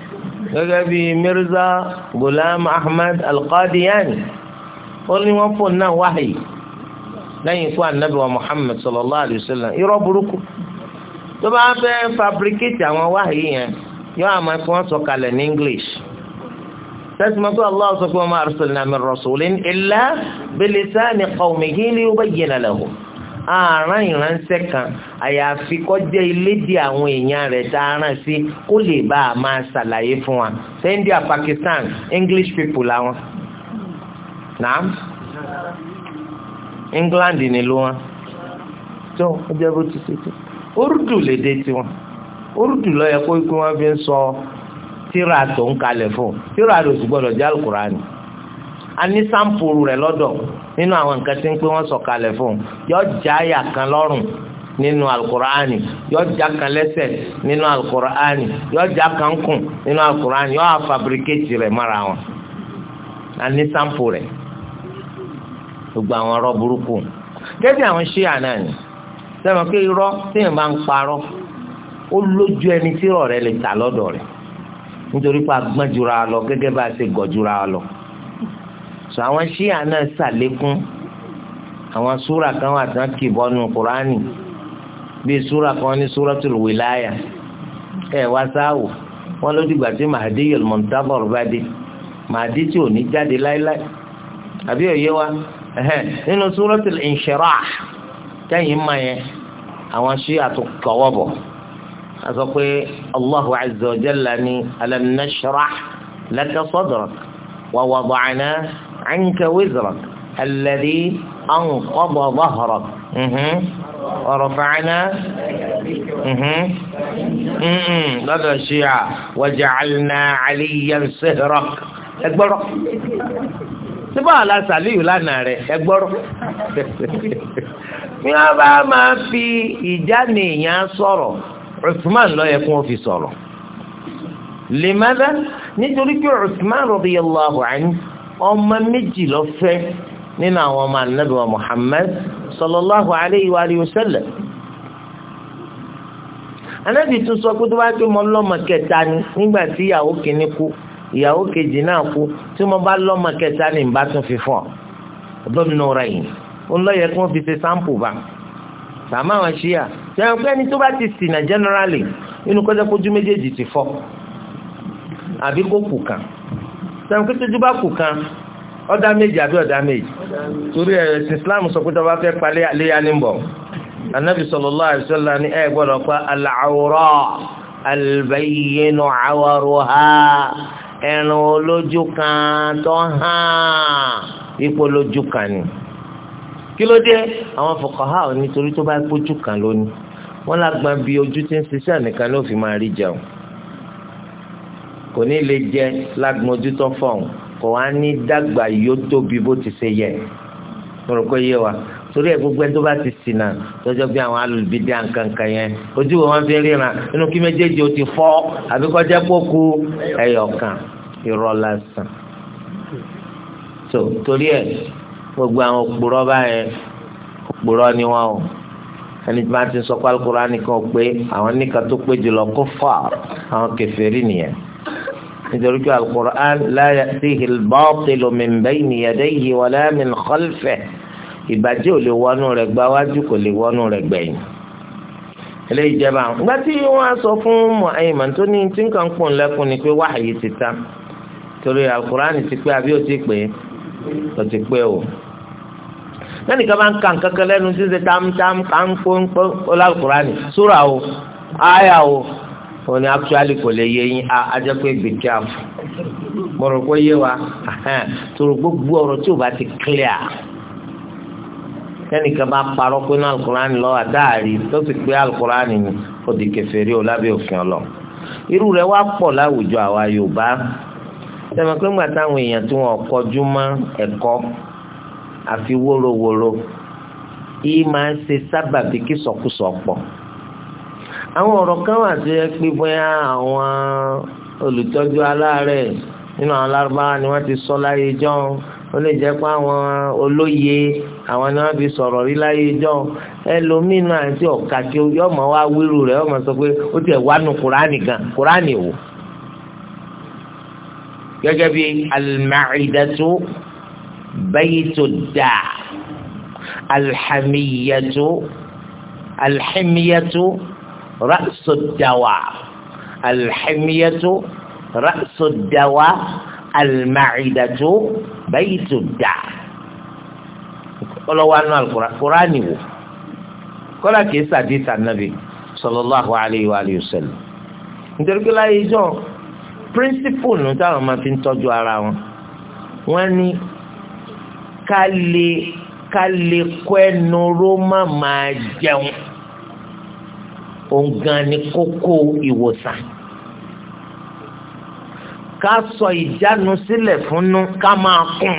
gẹ́gẹ́ bí Mirza Ghulam Ahmad Al-Qadiani ó ní wọ́n fún náà wáhì lẹ́yìn ikú anabi wa Muhammad sallallahu alayhi wa sallam irọ́ burúkú tó bá fẹ́ fabricate àwọn wáhì yẹn yóò àmọ́ kí wọ́n sọ kalẹ̀ ní English tẹ́sìmọ́ pé Allah sọ pé wa ma arsalna min rasulin illa bilisani qawmihi liyubayyina lahum àárán ìránṣẹ́ kan àyàfi kọjá ilédè àwọn èèyàn rẹ̀ tá a rán sí kó lè bá a máa ṣàlàyé fún wa ṣé India Pakistan English people làwọn naam England ni ló wọn tó ọjọ́ bó ti ṣe tó Urdu lédè tiwọn Urdu ló yẹ kó ikú wọn fi ń sọ tíra tó ń kalẹ̀ fún tíra rẹ̀ ò sì gbọ́dọ̀ jẹ́ Al-Kùránì a ní sáǹpù rẹ̀ lọ́dọ̀ nínú àwọn nǹkan tí ń pé wọ́n sọ̀kalẹ̀ fún un yọ já àyà kan lọ́rùn nínú alukur'ani yọ já kan lẹ́sẹ̀ nínú alukur'ani yọ já kan kùn nínú alukur'ani yọ àfabricate rẹ̀ mọ́ra wọn àní sampo rẹ̀ gbogbo àwọn ọ̀rọ̀ burúkú gẹ́gẹ́ àwọn ṣíà náà ni sẹ́wọ̀n pé irọ́ téèyàn bá ń parọ́ ó lójú ẹni tí irọ́ lè ta lọ́dọ̀ rẹ̀ nítorí pé agbọ́n jura lọ gẹ́gẹ́ bá a ṣe gọ̀ jura lọ sọ àwọn ṣíà náà ṣàlékún àwọn súra kan wà tán kì bọ́nu kúránì bíi súra kan ní súratul wilaya ẹ wá sáwò wọn ló dìgbà tí màdí yòl mọ̀ntàbọ̀rù bá dé màdí tí ò ní jáde láéláé àbí òye wa nínú súratul inṣirah tẹ́yìn mọ̀ yẹn àwọn ṣíà tó kọ́wọ́ bọ̀ a sọ pé allahu azza wa jalla ni alam nashrah laka sadrak wa wada'na. عنك وزرك الذي أنقض ظهرك ورفعنا لدى الشيعة وجعلنا عليا سهرك أكبر سبحان الله سالي ولا ناري أكبر من هذا ما في إجاني يا صار عثمان لا يكون في صار لماذا نجري عثمان رضي الله عنه ọmọ méjì ló fẹ́ nínú àwọn ọmọ anabi wa muhammed sallallahu alayhi wa alihi wa sallam anabi tún sọ pé tó bá pé mo lọ́mọ kẹta ni nígbà tí ìyàwó kìíní kú ìyàwó kejì náà kú tí mo bá lọ́mọ kẹta ni n bá tún fi fún ọ gómìnà rẹ yìí ó lọ yẹ kí wọn fi ṣe sampo bá sàmà wọn ṣíà sẹ́yìn pé ẹni tó bá ti ṣìnà generally inú kọjá kojú méjèèjì ti fọ́ àbí kó kù kàn sẹ́wọ̀n tó jùbá kù kan ọ̀dá méjì àbí ọ̀dá méjì torí ẹ̀ ẹ̀sìn Islam sọ pé tọ́ba fẹ́ pa léyà ní bọ̀ anabi sallallahu alaihi wasallam ní ẹ̀ gbọ́dọ̀ pa al-awra al-bayyinu awruha ẹ̀rùn olójú kan tó hàn ipò olójú kan ni wọ́n lágbọ́n bí ojú ti ń ṣiṣẹ́ nìkan ló fi máa rí jẹun kò ní lè jẹ lágbójútó fọhùn kò wá ní dàgbà yóò tóbi bó ti ṣe yẹ mo rò pé yé wa torí ẹ gbogbo ẹni tó bá ti ṣìnà lọ́jọ́ bí àwọn alùbídé àǹkankan yẹn ojú wo wọn fi ríran inú kí méjèèjì ó ti fọ́ àbí kọjá kókó ẹyọkan irọ́ lásán tó torí ẹ gbogbo àwọn òpùrọ́ báyẹn òpùrọ́ ni wọn o ẹni tí wọn ti sọ pé alukóra pé àwọn nìkan tó pé jùlọ kó fà àwọn kèfèrí nìyẹn nítorí pé alukur'an láyà sí ìbáwọ́pẹ̀lú mẹ́mbẹ́ ìnìyàdẹ́ yìí wọlé mi kọ́lfẹ̀ ìbàjẹ́ ò lè wọnú rẹ̀ gbáwájú kò lè wọnú rẹ̀ gbẹ̀yìn eléyìí jẹba nígbà tí wọn sọ fún Mu'ayman tó ní tí nǹkan pọ̀ ńlẹ́kùn ni pé wáhàyè ti ta torí alukur'an ti pé àbí ó ti pé ó ti pé o lẹ́nu kan ń ka nǹkan kan lẹ́nu tí ń ṣe tamtam kà ń pọ́npọ́n ó lálùkùránì súrà o áyà o ó ní actually kò lè yé yín ajẹ́ pé be careful mo pé yé wa tòrò gbogbo ọ̀rọ̀ tí o bá ti clear tẹnìkan bá parọ́ pé ní alukurani lọ́wọ́ àdáàrí tó sì pé alukurani ni ó di kèfèrí o lábẹ́ òfin ọlọ irú rẹ̀ wá pọ̀ láwùjọ àwa Yorùbá tẹmọ pé ńgbà táwọn èèyàn tí wọn kọjú mọ́ ẹ̀kọ́ àfi wóróworó yìí máa ń ṣe sábàbí kí sọkúsọ pọ̀. So àwọn ọ̀rọ̀ kan wà tó yẹ pé bóyá àwọn olùtọ́jú aláàárẹ̀ nínú àwọn alárúbáwá ni wọ́n ti sọ láyé jọ́ ó lè jẹ́ pé àwọn olóye àwọn ni wọ́n fi sọ̀rọ̀ rí láyé jọ́ ẹlòmínú àti ọ̀kà tí yọ mọ̀ wá wíru rẹ̀ ọmọ sọ pé ó tiẹ̀ wá nu gan kúránì wò gẹ́gẹ́ bí al-ma'idatu baytu alhamiyatu alhamiyatu ra'su dawa alḥimiyatu ra'su dawa alma'idatu baytu da ọlọ́wọ́ anú alukuraani wò kọ́lá kìí sàdísà nàbì sallallahu alayhi wa sallam nítorí pé láyé jọ píríncípùlù táwọn máa fi ń tọ́jú ara wọn wọ́n ní ká lè ká lè kọ́ ẹnu ró má máa jẹun. òngan ni kókó ìwòsàn ká sọ ìjánu sílẹ̀ fúnnú ká máa kún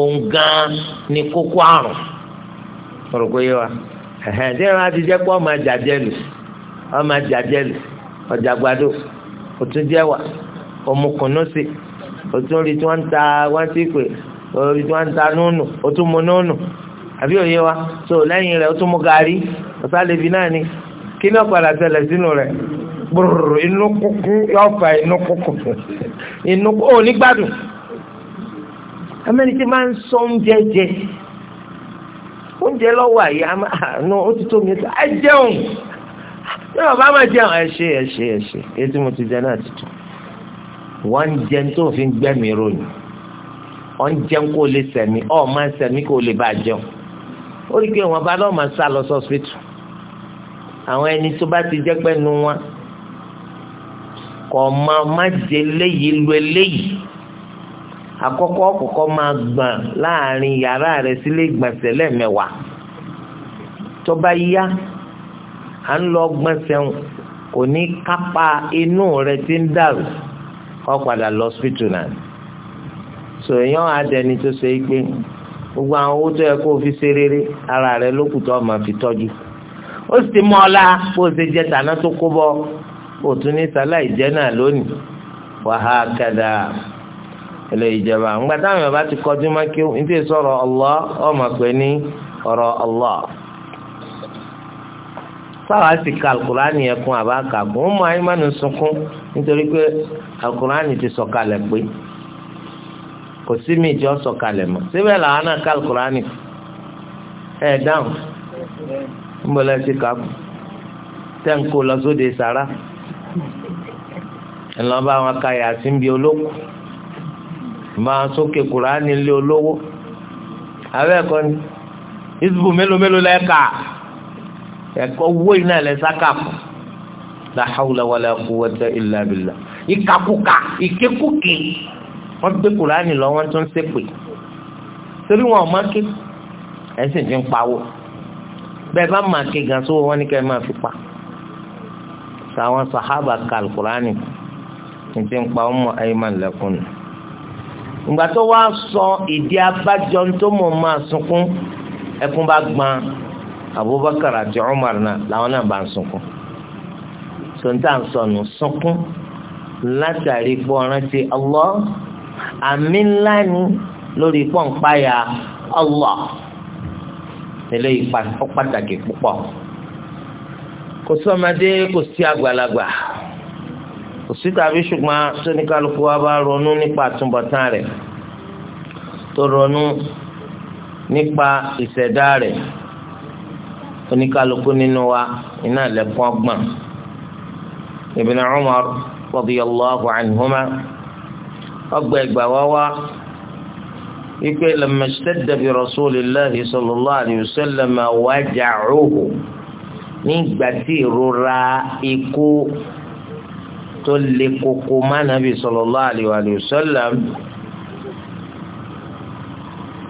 òngan ni kókó àrùn ọ̀rọ̀ kò yé wa ẹ̀hẹ́n tí wọ́n ti jẹ́ ma ọmọ jàjẹ́ lù ọmọ jàjẹ́ lù ọjà gbàdo òtún jẹ́ wà òmùkùnú sí òtún rí tí wọ́n ń ta wọ́n ti pè orí tí wọ́n ń ta núnù òtún mu núnù àbí òye wa tó lẹ́yìn rẹ̀ òtún mu gàrí ọ̀sálẹ̀bí náà ni kí náà padà ṣẹlẹ̀ sínú rẹ̀ gbòòrò inú kúkú yóò fa inú kúkú inú kúkú ò ní gbádùn amẹ́nití máa ń sọ oúnjẹ jẹ oúnjẹ lọ́wọ́ àyè àánú ah, ó ti tó mi ta ẹ jẹun ní bàbá máa jẹun ẹ ṣe ẹ ṣe ẹ ṣe èyí tí mo ti jẹ náà ti tù wọ́n jẹ tó fi ń gbẹ́mìí ròyìn wọ́n jẹ kó lè sẹ̀mí ọ̀ máa ń sẹ̀mí kó lè bá jẹun ó rí i pé wọn bá lọ́ọ́ máa sá lọ sọ́sìpìtì àwọn ẹni tó bá ti jẹ́ pẹ́nu wọn kò máa má jẹ léyìí lu eléyìí àkọ́kọ́ kọkọ máa gbọ̀n láàrin yàrá rẹ sílé ìgbọ̀nsẹ̀ lẹ́ẹ̀mẹ́wàá tó bá yá à ń lọ gbọ̀nsẹ̀ kò ní kápá inú rẹ ti ń dàrú padà lọ hospital náà adẹni tó ṣe é gbogbo rere ara lókùtọ́ ọmọ fi tọ́jú. ó sì mọ́ ọ la o ṣe jẹ tàná tó kó bọ́ o tún ní sáláì jẹ́ náà lónìí wàhálà kẹdà ilé ńgbà táwọn yorùbá ti kọjú má kí tẹ sọ̀rọ̀ Allah ọmọ pé ní sáwà sì ka alukurani kún àbá kún ó mọ ti sọ̀kalẹ̀ pé kò sí mi ìjọ sọ̀kalẹ̀ mọ́ síbẹ̀ làwọn náà ka alukurani ńbọlá ti kàkú tẹ́ǹkó lọ sóde sàrà ńlọ bá wọn ka yàtí ń bi olóko máa sókè kùránì lé olówó abẹ́ ẹ̀kọ́ ni ìsìnkú mélòó mélòó lẹ́ka ẹ̀kọ́ owó iná lẹ́ sákàpù la hawla wala quwwata illa billah ìkàkùkà ìkékùkè wọ́n gbé kùránì lọ wọ́n tún ṣépè torí wọn ò má ké ẹ̀sìn ti ń pawó bẹ́ẹ̀ bá máa ké gan sówó wọn ní kẹ́ máa fi pa sàwọn sàhábà ka alukurani ní ti ń pa ọmọ ayémà lẹ́kùn nù. ìgbà tó wá sọ ìdí abájọ tó mọ̀ máa sunkún ẹkún bá gbọ́n Abubakar àti Umar náà làwọn náà bá ń sunkún sọ̀ńtà ń sọnù sunkún látàrí gbọ́ràn ti Allah àmì ńlá ni lórí pọ́ǹpáyà Allah. eléyìí pàtàkì púpọ̀ kò sí ọmọdé kò sí àgbàlagbà kò sí tàbí ṣùgbọ́n tóníkàlùkù wa bá ronú nípa àtúbọ̀tán rẹ̀ tó ronú nípa ìṣẹ̀dá rẹ̀ oníkàlùkù nínú wa iná lẹ́kùn ọgbọ̀n Ibn Umar radiyallahu anhuma ọgbà ìgbà wá wá. ipe lamẹ́sítẹ́dẹ̀ bí rasulillahi sallallahu alayhi wa sallam waja'uhu nígbà tí ìrora ikú tó le koko má nàbí sallallahu alayhi wa sallam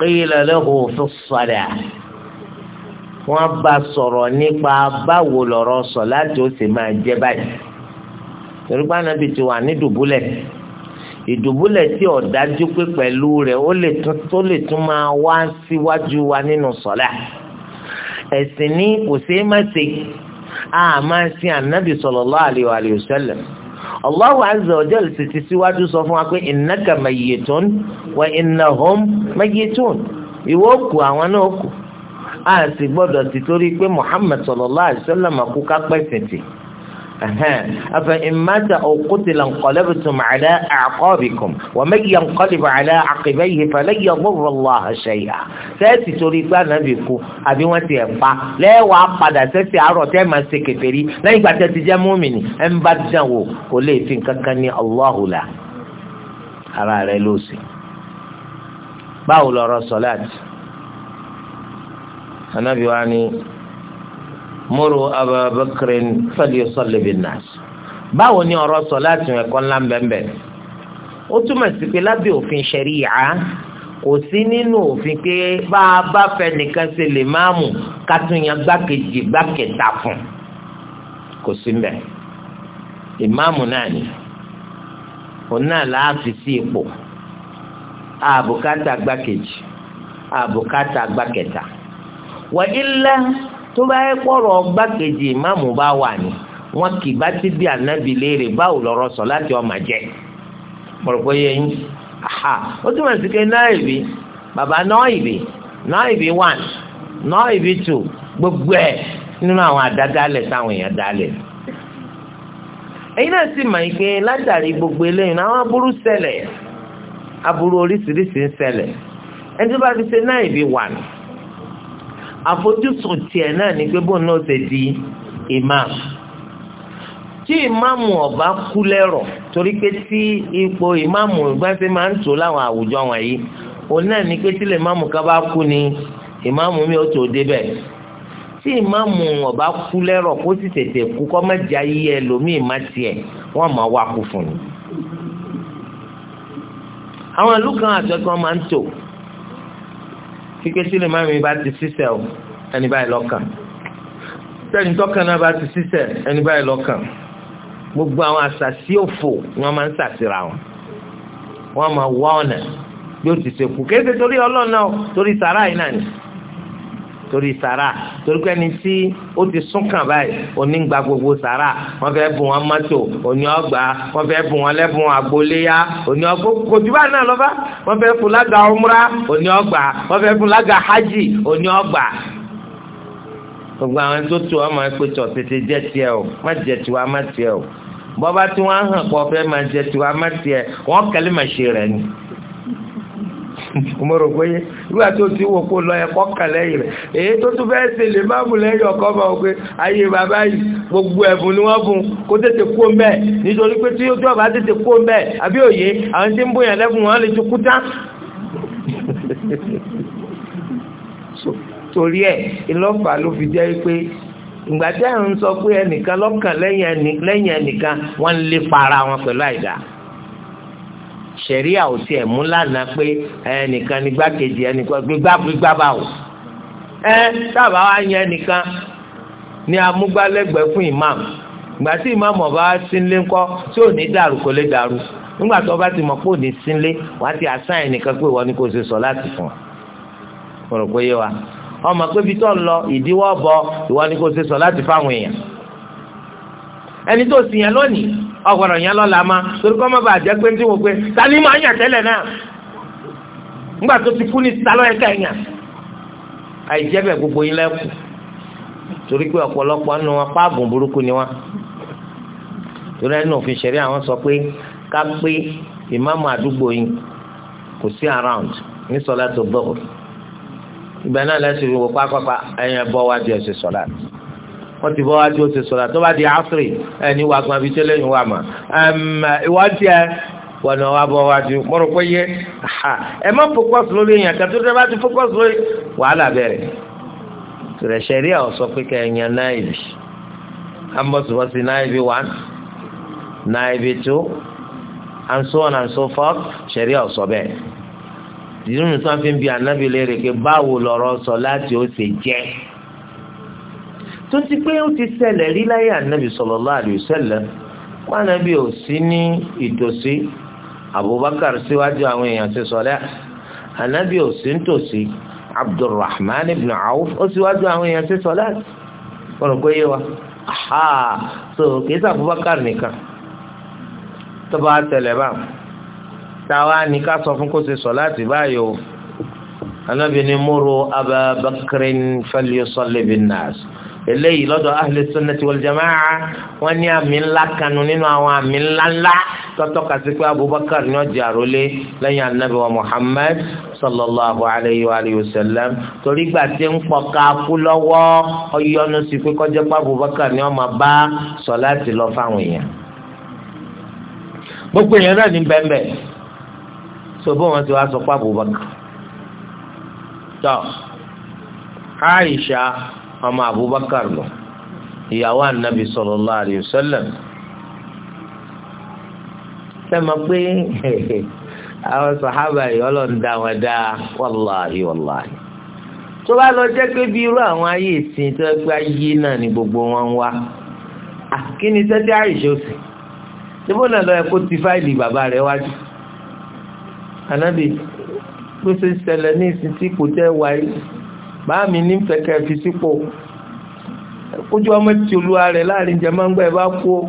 qila lahu fi salah wọ́n bá sọ̀rọ̀ nípa báwo lọ̀rọ̀ sọ̀ láti ó sì máa jẹ́ báyìí torí pé ànábì ti wà ní dùbúlẹ̀ ìdùbúlẹ̀ tí ó dájú pé pẹ̀lú rẹ̀ ó lè tún tó lè tún máa wá síwájú wa nínú sọ̀lá ẹ̀sìn ní kò ṣeé má ṣe a máa sin ànábì sallallahu alaihi wa sallam Allahu azza wa jalla sì ti síwájú sọ fún wa pé innaka mayyitun wa innahum mayyitun ìwọ kù àwọn náà kù a sì gbọ́dọ̀ ti torí pé Muhammad sallallahu alaihi wa sallam kú ká pẹ̀sìn tì afa imata aw qutila anqalabtum ala a'qabikum wa man yanqalib ala aqibayhi falan yadurra Allaha shay'a sẹ́ẹ̀sì torí pé ànábì kú àbí wọ́n ti ẹ̀ pa lẹ́wàá padà sẹ́sì àárọ̀ tẹ́ máa ṣe kèfèrí lẹ́yìn ìgbà tẹ́ ti jẹ́ múmìnì ẹ̀ ń bá dàn wò fi nǹkan kan ní la ara rẹ̀ ló sì báwo lọ̀rọ̀ sọ́láàtì ànábì wa ni múru ababakirin fẹ́lẹ́ sọ́lẹ̀ bí nàás. báwo ni ọ̀rọ̀ sọ láti rìn ẹ̀kọ́ ńlá bẹ́ẹ̀ ó túmọ̀ sí pé lábẹ́ òfin ṣẹ̀ríyà kò sí nínú òfin pé bá a bá fẹ́ nìkan ṣe lè máa mú kátúnyàn gbákejì gbákẹta fún kò sí mbẹ ìmáàmù náà ni òun náà làá sí ipò àbùkátà gbákejì àbùkátà gbákẹta wà ilẹ̀ tó bá yẹ kpọ̀rọ̀ gbàgede ìmáàmù bá wà ní wọn kì bá ti bí ànábì léèrè báwo lọ̀rọ̀ sọ láti ọmọ jẹ pọ̀rọ̀pọ̀ yẹ yín aha ó túmọ̀ sí pé náìbì bàbá náìbì náìbì one náìbì two gbogbo ẹ̀ nínú àwọn àdádálẹ̀ táwọn èèyàn dálẹ̀ èyí náà sì mọ̀ ike látàrí gbogbo eléyìí náà àwọn aburú ṣẹlẹ̀ aburú oríṣiríṣi ń ṣẹlẹ̀ ẹni tó bá fi ṣe náìbì one àfojúsùn tiẹ̀ náà ní pé bóun náà ṣe di imam tí imamu ọba kú lẹ́rọ̀ torí pé tí ipò ìmáàmù ìgbà tí máa ń tò láwọn àwùjọ wọ̀nyí òun náà ní pé tílé ìmáàmù ká bá kú ni ìmáàmù mi ò tó débẹ̀ tí ìmáàmù ọba kú lẹ́rọ̀ kó sì tètè kú kọ́ má jẹ́ ayé ẹlòmíì má tiẹ̀ wọ́n máa wá kú fún un. àwọn ìlú kan àti ọkàn máa ń tò kíké sílẹ̀ máa mi bá ti sísẹ̀ o ẹni báyìí lọ́kàn tẹ́ni tọ́kàn náà bá ti sísẹ̀ ẹni báyìí lọ́kàn gbogbo àwọn àṣàṣì òfò ni wọ́n máa ń ṣàṣìra wọn wọ́n máa wá ọ̀nà bí ó ti ṣe kú kéde torí ọlọ́run torí sàrá yìí náà ni torí Sara, torí pé ẹni tí ó ti súnkàn báyìí òní gba gbogbo sàrà wọn fẹẹ bùn wọn mọ́tò òní ọgbà wọn fẹẹ bùn wọn lẹbùn àgbóléyà òní ọgbà kò jù báyìí náà lọ́ba wọn fẹẹ fún lága ọmúra òní ọgbà wọn fẹẹ fún lága hajj òní ọgbà. gbogbo àwọn tó tó ọmọ ẹgbẹ́ tó tètè jẹ́ tiẹ̀ o má jẹ́ tiwa má tiẹ̀ o bọ́ba tí wọ́n hàn pọ̀ fẹ́ má jẹ́ tiwa má tiẹ̀ wọ́n kẹ́lẹ́ ni. mo rò pé nígbà tó ti wò kó lọ ẹ̀kọ́ kàn lẹ́yìn rẹ̀ èyí tó tún fẹ́ ṣe lè má bùn lẹ́yìn ọkọ ọmọ òkè ayé bàbá yìí gbogbo ẹ̀bùn ni wọ́n bùn kó tètè kú mbẹ́ nítorí pé tí ojú ọba tètè kú mbẹ́ àbí òye àwọn tí ń bóyá lẹ́bùn wọn lè ti kú torí ẹ̀ ìlọ́fà ló fi jẹ́ pé ìgbà ń sọ pé ẹnìkan lọ́kàn lẹ́yìn ẹnìkan wọ́n ń lépa wọn pẹ̀lú àìdáa ṣẹ̀ríà ò tiẹ̀ mú lánàá pé ẹnìkan ní gbákejì ẹnìkan gbégbá gbégbá bá wò ẹ sábà wá yẹn nìkan ní amúgbálẹ́gbẹ̀ẹ́ fún imam ìgbà tí imam ọba sínlé ńkọ́ tí ò ní dàrú kò lè dàrú nígbà tó bá ti mọ̀ pé ò ní sínlé wàá ti àṣà ẹnìkan pé ìwọ ni kò ṣe sọ láti fún ọ rò pé yé wa ọmọ pé bí tó ń lọ ìdíwọ́ bọ ìwọ ni kò ṣe sọ láti fáwọn èèyàn ẹni tó sì yẹn lónìí ọ̀gbọ̀dọ̀ yẹn lọ́la ma torí kọ́ mọ́ bàa jẹ́ pé ń tí wò pé ta ni máa yàn tẹ́lẹ̀ náà ńgbà tó ti kú ní salọ́ ẹ̀ka ẹ̀yàn àìjẹ́ bẹ̀ gbogbo yín lẹ́kù torí pé ọ̀pọ̀lọpọ̀ nínú wọn páàgùn burúkú ni wọn torí ẹni òfin ṣẹ̀rí àwọn sọ pé ká pé ìmáàmù àdúgbò yín kò sí around ní sọlá tó bọ̀ ìgbà náà lẹ́sìn ìwò pápápá ẹ̀yìn ẹ̀bọ wájú ẹ̀sìn sọlá tó wọ́n ti bọ́ wá tí ó ṣe sọ̀rọ̀ tó bá di asiri ẹni wà gbọ́n àbí tẹ́lẹ̀ yìí wà mà ìwádìí ẹ wọn náà wà bọ́ wá ju mọ́rọ̀ pé yé ẹ má focus lórí èèyàn kàtó tẹ́ bá ti focus lórí wàhálà bẹ̀rẹ̀ tẹ̀rẹ̀ sẹ́rí àwọn sọ pé kẹ́ ẹ̀yàn náà ambọ̀sibọ̀sì náà ibi one náà ibi two and so on and so forth sẹ́rí àwọn sọ bẹ́ẹ̀ ìdúnnù sọ́n fi ń bi ànábì léèrè pé báwo lọ̀rọ̀ sọ láti ó ṣe jẹ́ tó ti pé ó ti ṣẹlẹ̀ rí láyé ànábì sallallahu alaihi wasallam pànábì ò sí ní ìtòsí abubakar síwájú àwọn èèyàn ti sọlẹ̀ ànábì ò sí nítòsí abdulrahman ibn auf ó síwájú àwọn èèyàn ti sọlẹ̀ wọn rò pé yé wa aha so kìí sá abubakar nìkan tó bá tẹ̀lẹ̀ bá táwa ní ká sọ fún kó ṣe sọ láti báyìí o ànábì ni múru ababakarin falyusalli bin nas eléyìí lọ́dọ̀ ahlu sunnati wal jamaa wọ́n ní àmì ńlá kanu nínú àwọn àmì ńlá ńlá tọ́tọ́ kasi pé abubakar ní ọjà àrólé lẹ́yìn anabi wa muhammad sallallahu alayhi wa alihi wa sallam torí gbà tí ń pọ̀ka kú lọ́wọ́ ọyọ́nu sí pé kọjá pé abubakar ní ọmọ bá sọ̀láàtì lọ fáwọn èèyàn gbogbo èèyàn náà ní bẹ́ẹ̀nbẹ́ẹ̀ so wọn ti wá sọ pé abubakar tọ́ aisha ọmọ abubakar lọ ìyàwó anabi sallallahu alayhi wa sallam sẹmọ pé àwọn sàhábà yìí ọlọ́ọ̀dá wọn dáa wàláhi wàláhi tó bá lọ jẹ́ pé bí irú àwọn ayé ìsìn tó gbé ayé náà ni gbogbo wọn ń wá kí ni sẹ́tí àìṣe òsì níbo náà lọ yẹ kó ti fáìlì bàbá rẹ̀ wájú anabi pèsè ìṣẹ̀lẹ̀ ní ìsìn tí kò tẹ́ wáyé bá mi nífẹ̀ẹ́ kẹ́ fi sípò kójú ọmọ tí olúwa rẹ̀ láàrin jẹ́ máa ń gbà ẹ bá kú o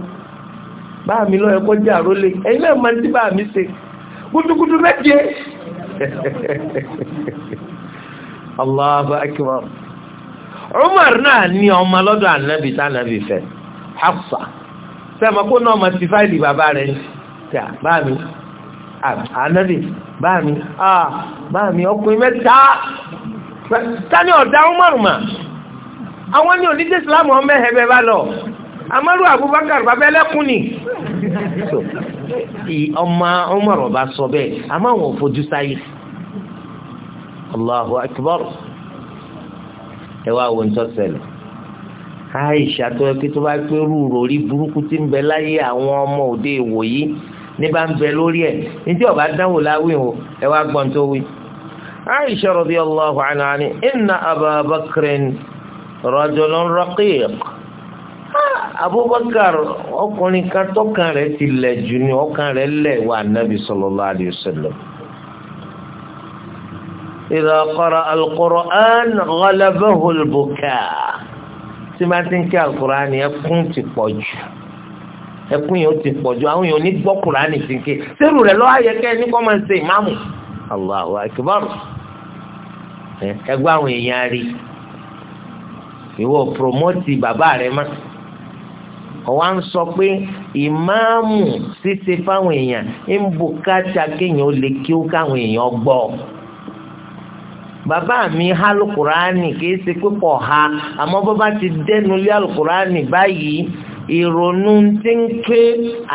bá mi lọ ẹ̀kọ́ jẹ́ àrólé ẹ̀yin náà máa ń tí bá mi ṣe gúdúgúdú méje Allahu akbar Umar ah bá mi ọkùnrin mẹ́ta tani ọ̀dà Umaru mà àwọn ní onídé Islam ọmọ ẹ̀hẹ́ bẹ́ẹ̀ bá lọ amaru Abubakar bàbá ẹlẹ́kùn ni ọmọ Umaru ọba sọ bẹ́ẹ̀ àmọ́ àwọn òfojú sáyé Allahu Akbar ẹ wá wo nítorí ṣẹlẹ̀ Aisha tó yẹ kí tó bá pé rúurò rí burúkú tí ń bẹ láyé àwọn ọmọ òde ìwòyí ní bá ń bẹ lórí ẹ̀ ní ọba dánwò láwìn o ẹ wá gbọ́n tó wí aisha radiyallahu anha ni inna ababakrin rajulun raqiq abubakar ọkùnrin kan tọkàn rẹ̀ ti lẹ̀ jù ní ọkàn rẹ̀ lẹ̀ wà nabi sallallahu alayhi wa sallam idha qara'a al-Qur'an ghalabahu al-bukaa tí máa ti ń kí al-Qur'an ẹkún ti pọ̀ ẹkún yẹn ti pọ̀ àwọn èèyàn ní gbọ́ Qur'an ti rẹ̀ lọ́wọ́ ayẹkẹ́ ní kọ́ ṣe ìmáàmù Allahu akbar. ẹgbẹ́ àwọn èèyàn rí ìwọ promoti bàbá rẹ mọ́ ọwọ́ à ń sọ pé ìmáàmù ṣíṣe fáwọn èèyàn ń bùkátà kéèyàn ó lè kí ó káwọn èèyàn gbọ́ bàbá mi há kì í ṣe pípọ̀ ha àmọ́ bó bá ti dẹnu lé báyìí ìrònú tí ń ké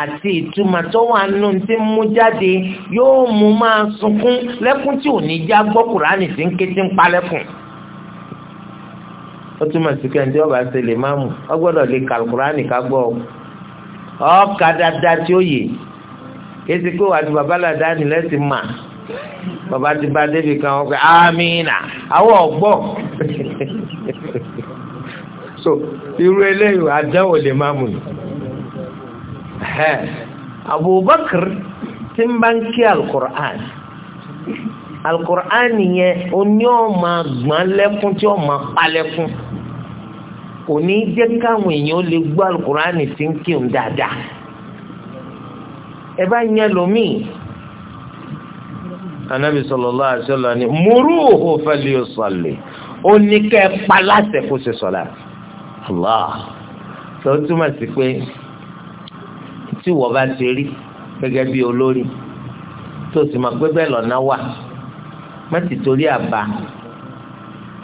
àti ìtumọ̀ tó wà nù tí ń mú jáde yóò mú máa sunkún lẹ́kún tí ò ní já gbọ́ kùránì tí ń ké tí ń pa lẹ́kùn. ó túmọ̀ sí kẹ́hìndé ọba ṣe lè máa mú ọ gbọ́dọ̀ lè kà kùránì ká gbọ́ ọ kà dáadáa tí ó yè kí esi pé wàá di babalada ni lẹ́sìn máa bàbá kan wọn pé amínà àwọn so irú eléyìí àdáwò lè máa mú Abubakar tí ń bá ń kí alukur'an alukur'an yẹn o ní ọ máa gbọ́n lẹ́kún tí ọ máa pa lẹ́kún kò ní jẹ́ káwọn èèyàn lè gbọ́ alukur'an tí ń kírun dáadáa ẹ bá yẹn lómìn anabi sallallahu alaihi wasallam ni muruhu falyusalli ó ní kẹ́ ẹ pa láṣẹ kó ṣe sọlá. allah tó túmọ̀ sí pé tí wọ́n bá ti rí gẹ́gẹ́ bí olórí tó sì máa pé bẹ́ẹ̀ lọ́nà wà má ti torí àbá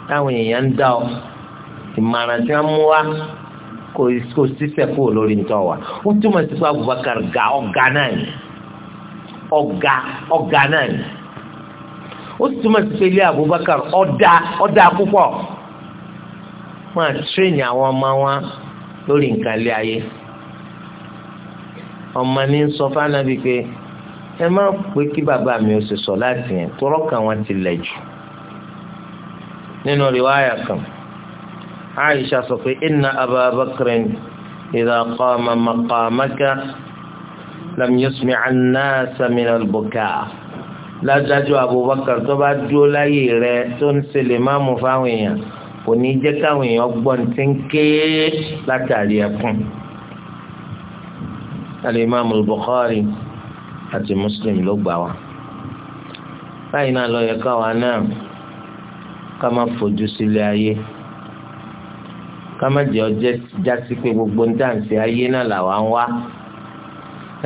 táwọn èèyàn ń dá ọ ìmọ̀ràn tí wọ́n mú kò kò sísẹ̀ kú olórí wa ó túmọ̀ sí Abubakar ga ọ̀gá náà ni ọ̀gá ọ̀gá náà ni ó Abubakar ọ̀dà ọ̀dà púpọ̀. máa tírèènì àwọn ọmọ wọn lórí nǹkan ilé ayé ọmọ ní sọ fánábì pé ẹ má pé kí bàbá mi ò sì sọ láti yẹn tọrọ kan wọn ti lẹ jù nínú rìwáyà kan Aisha sọ pé inna ababakarin idha qama maqamaka lam yusmi annasa min albuka lájájú Abubakar tó bá dúró láyé rẹ̀ tó ń ṣe lè fáwọn èèyàn kò ní jẹ́ káwọn èèyàn gbọ́n ti ń ké látàrí ẹkún alimami Bukhari àti Muslim ló gbà wá báyìí náà lọ yẹ káwa náà ká má fojú sílé ayé ká má jẹ́ ọjẹ́ jásí pé gbogbo ń dáǹsì ayé náà làwa ń wá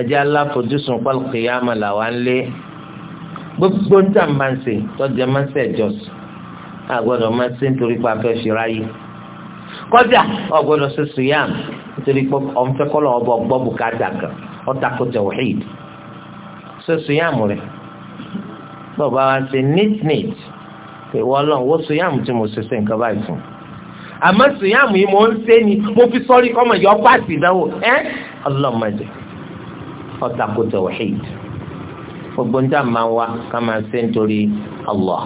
ẹjẹ́ aláfojúsùn pálukì làwa ń lé gbogbo ń dáǹbà ń sè tọ́jà má ń sẹ̀ jọ̀sùn àgbọ́dọ̀ máa ṣe nítorí pé a fẹ́ fi ráyè kọjá ọgbọ́dọ̀ ṣe sùyàm nítorí pé ọ̀nfẹ́ kọ́lọ̀ ọba ọgbọ́ bùkátà kan ọ̀tà kò tawhid ṣe sùyàm rẹ̀ bọ́ọ̀bá wa ṣe neat neat ìwọ lọ wo sùyàm tí mo ṣe ṣe nǹkan báyìí fún àmọ́ sùyàm yìí mo ń ṣe ni mo fi sọ́rí kọ́mọ yọ pàṣẹ ìdánwò ẹ́ ọlọ́mọdé ọ̀tà kò tawhid gbogbo ń dá máa wá ká máa ṣe nítorí Allah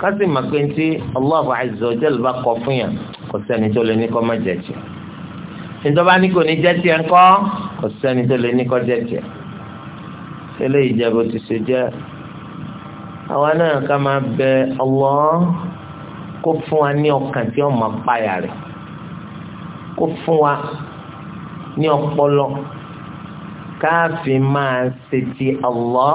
kásì mà pé ntí Allahu azza wa jalla bá kọ fún yàn kò sẹ́ni tó lè ní kọ́ má jẹ tiẹ̀ ìjọba ní kò ní jẹ tiẹ̀ ńkọ́ kò sẹ́ni tó lè ní kọ́ jẹ tiẹ̀ ìjẹ́bù ti ṣe jẹ́ àwa náà ká máa bẹ Allah kó fún wa ní ọkàn tí ó máa rẹ̀ kó fún wa ní ọpọlọ káàfin máa ṣe ti Allah.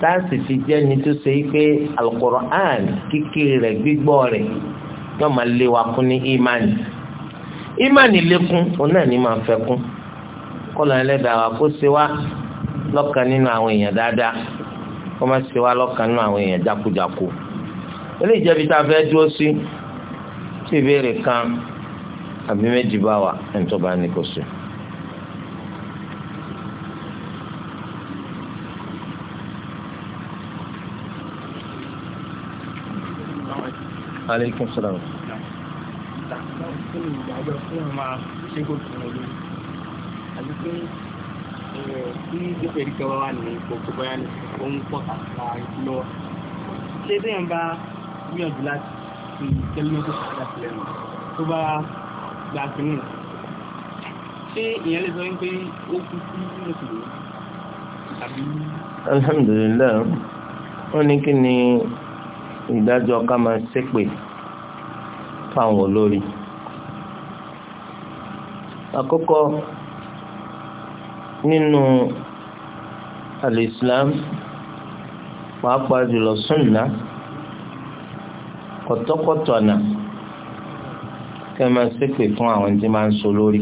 táàsì fi jẹ́ ni tó ṣe pé alukur'an kíké rẹ̀ gbígbọ́ rẹ̀ yóò máa lé wa kún ní imani imani lékún òun náà ní máa fẹ́ kún kọ́lọ̀ ẹlẹ́dàá wa kó ṣe wá lọ́kàn nínú àwọn èèyàn dáadáa kó má ṣe wá lọ́kàn nínú kan àbí méjì alaikum salam tí ìgbésẹ̀ ìdíkẹ́ wá wà ní gbogbo bóyá ní òun pọ̀ tàbí lọ́wọ́ ṣé déyàn bá gbìyànjú láti fi tẹ́lẹ́mẹ́tò ṣàkóso àtìlẹ́yìn tó bá gba kínní ṣé ìyẹn lè sọ pé ó kú sí mùsùlùmí tàbí. alhamdulilayi wọn ní kí ni ìdájọ́ ká máa ṣépè fáwọn olórí àkọ́kọ́ nínú alìsílám pàápàá jùlọ sunna kọ̀tọ́kọ̀tọ̀ àná kẹ́ máa ṣépè fún àwọn tí máa ń so lórí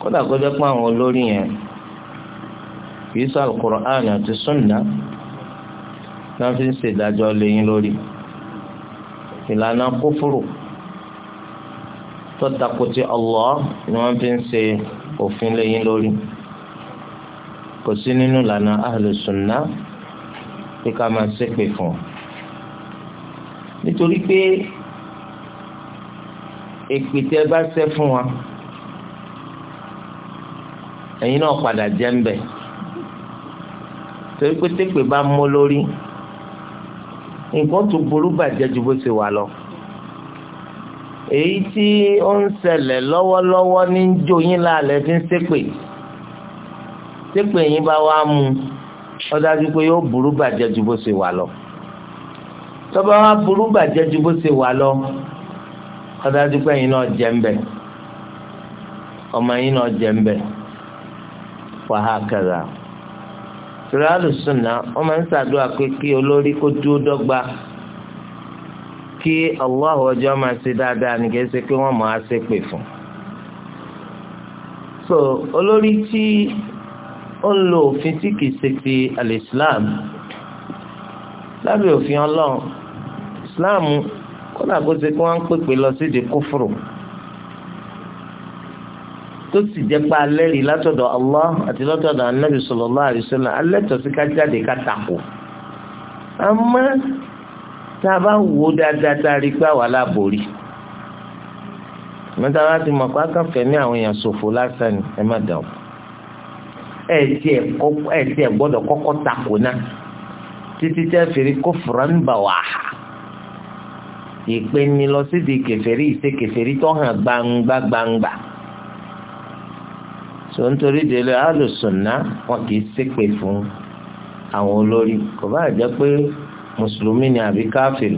kódà kó jẹ́ pé àwọn olórí yẹn kì í sọ Al-Qur'an àti sunna náà fi ń ṣèdájọ́ lẹ́yìn lórí ìlànà kófòrò tó takoti Allah ni wọ́n fi ń ṣe òfin lẹ́yìn lórí kò sí nínú ìlànà ahlùsùnà pé ká máa ṣépè fún un nítorí pé èpè tẹ bá ṣẹ́ fún wa ẹ̀yin náà padà jẹ́ ń bẹ̀ torí pé tẹ́pẹ̀ bá mọ́ lórí nǹkan tó burú bàjẹ́ ju bó ṣe wà lọ. èyí tí ó ń ṣẹlẹ̀ lọ́wọ́lọ́wọ́ ní jó yín láàlẹ́ fi ń ṣépè ṣépè yín bá wá mu ó dájú pé yóò burú bàjẹ́ ju bó ṣe wà lọ. tó wá burú bàjẹ́ ju bó ṣe wà lọ ó dájú pé yín náà jẹ́ ń bẹ̀ ọmọ yín náà jẹ́ ń bẹ̀ wàhálà kẹrẹ torí alùsùnà wọn máa ń ṣàdúrà pé kí olórí kó dúró dọ́gba kí Allahu ọjọ́ máa ṣe dáadáa nìkẹ́ ṣe pé wọ́n máa ṣe pè fún. so olórí tí ó ń lo òfin tí kìí ṣe ti al lábẹ́ òfin ọlọ́run Islam kọ́dà kó ṣe pé wọ́n ń pèpè lọ sídìí kúfùrù. Si tó sì jẹ́ pé alẹ́ rí látọ̀dọ̀ Allah àti látọ̀dọ̀ anabi sallallahu alaihi wasallam alẹ́ tọ̀sí ká jáde ká tako àmọ́ tá a bá wo dáadáa tá a rí pé àwa láborí mẹ́ta wá ti mọ̀ pé akànfẹ́ ní àwọn èèyàn ṣòfò lásán ni ẹ má dàn ẹ tiẹ̀ gbọ́dọ̀ kọ́kọ́ tako náà títí tẹ́ fèrè kó fúra ìpè ní lọ sídìí kèfèrí ìṣe kèfèrí tó hàn gbangba gbangba. Gbang so nítorí délé alùsùnà wọn kì í ṣépè fún àwọn olórí kò bá jẹ́ pé mùsùlùmí ni àbí káfíìn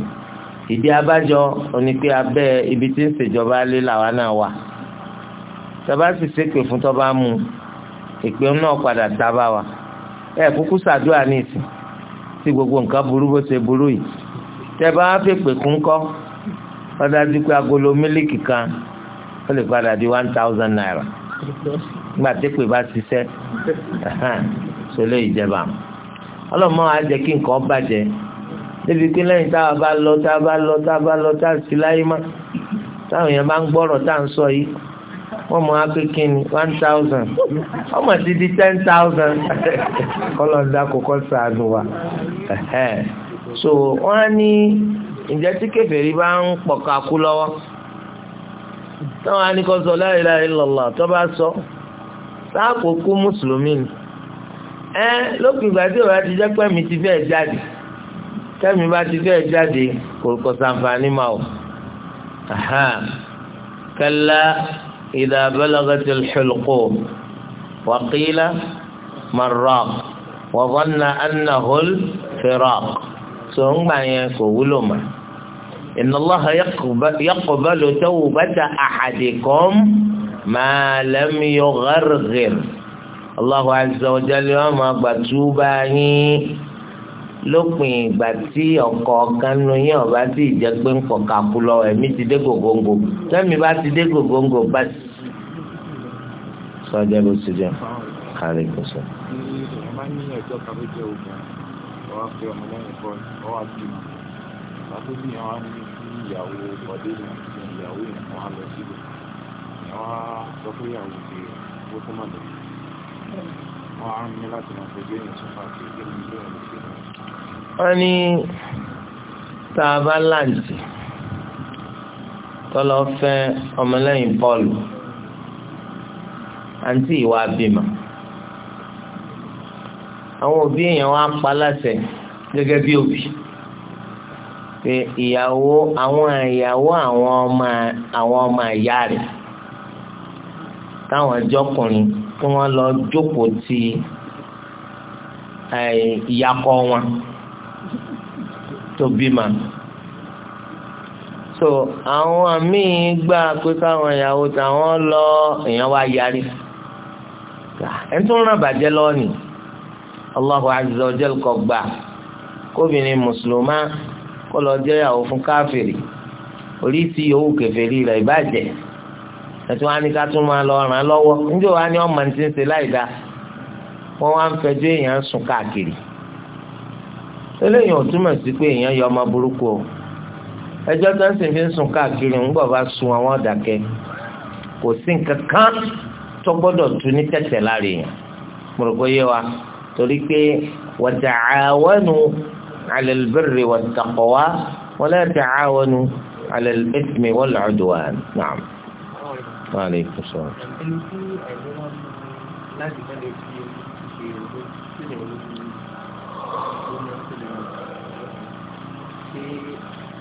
ìdí abájọ oní pé abẹ́ ibi tí ń ṣèjọba lé làwa náà wà tọba sì ṣépè fún tọba mú ìpè náà padà tábà wa ẹ kúkú ṣàdúrà ní ìsìn tí gbogbo nǹkan burú bó ṣe burú yìí tẹ́bá wá fèpè kún kọ́ ọ̀dájú agolo mílíkì kan ó lè padà di one thousand naira. nígbà tí bá ṣiṣẹ́ sọlẹ̀ ìjẹba ọlọ́mọ àjẹ kí nǹkan bàjẹ́ débi pé lẹ́yìn bá lọ tá bá lọ tá bá lọ tá a láyé má táwọn èèyàn bá ń gbọ́rọ̀ tá sọ yìí wọ́n mọ akéèké ni one thousand ọmọ ti di ten thousand wa so wọ́n á ní ìjẹ́ tí kèfèrí bá ń kú táwọn anìkọ́sọ la ilaha illallah tó bá sọ sáàpò kú mùsùlùmí ni ẹ lópin ìgbà tí òwúrọ̀ ti jẹ́ pé mi ti fẹ́ jáde tẹ́mi bá ti fẹ́ jáde kò sàǹfààní máa wò kalla idha balagatil hulqum wa qila marraq wa dhanna annahu tó ń gbà yẹn kò wúlò máa inna Allaha yaqbalu tawbata ahadikum ma lam yugharghir Allahu azza wa jalla yóò máa gbà túbà yín lópin ìgbà tí ọkọ̀ kanu yín ọba tí ìjẹ́ pé ń kọ̀ kakú lọ ẹ̀mí ti dé gògóńgò tẹ́mi bá ti dé gògóńgò bá ti. sọ́jà ló ti jẹ́ kárí kò sọ. ìyá ní ẹjọ́ kan ló jẹ́ ogun ọwọ́ fi ọmọ lẹ́yìn bọ́ọ̀lù ọwọ́ àbí ìmọ̀ àbúrò ìyá wa ní ìyàwó bọ̀dé àti ìyàwó ìfọ̀n á lọ síbẹ̀ wọ́n á sọ pé ìyàwó ti ó tó mọ̀lẹ́ wọ́n á ní láti máa fẹ́ gbé ìyẹn sọ́fà àti ìgbé mi lóyún wọ́n ní tá a bá láǹtì tọ́lọ́ fẹ́ ọmọlẹ́yìn bọ́ọ̀lù àǹtí ìwà bímọ àwọn òbí èèyàn wá pa láṣẹ gẹ́gẹ́ bí òbí pé ìyàwó àwọn ìyàwó àwọn ọmọ àwọn ọmọ ìyá rẹ̀ táwọn jọkùnrin kí wọ́n lọ jókòó ti ìyàkọ wọn tó bímọ so àwọn míì gbà pé káwọn ìyàwó táwọn lọ èèyàn wá yarí ẹni tó ń ràn bàjẹ́ lọ́ọ̀nì Allahu azza wa jal kò gbà kóbìnrin mùsùlùmá kó lọ jẹ́ ìyàwó fún káfìrì orí ti yòówù kẹfìrì rẹ̀ ìbàjẹ́ ẹ̀tún wa ni ká tún máa lọ ràn án lọ́wọ́ níjọ́ wa ni ọmọ ti ń ṣe láì dáa wọ́n wá ń fẹjọ́ èèyàn sùn káàkiri eléyìí ò túmọ̀ sí pé èèyàn yọ ọmọ burúkú o ẹjọ́ tó ń sìn fi ń sùn káàkiri ń gbọ̀ bá sun àwọn ọ̀dàkẹ́ kò sí nǹkan kan tó gbọ́dọ̀ tu ní tẹ̀tẹ̀ lára èèyàn mo rò pé yé wa torí pé wọ́n dàá wẹ́nu على البر والتقوى ولا تعاونوا على الإثم والعدوان نعم وعليكم السلام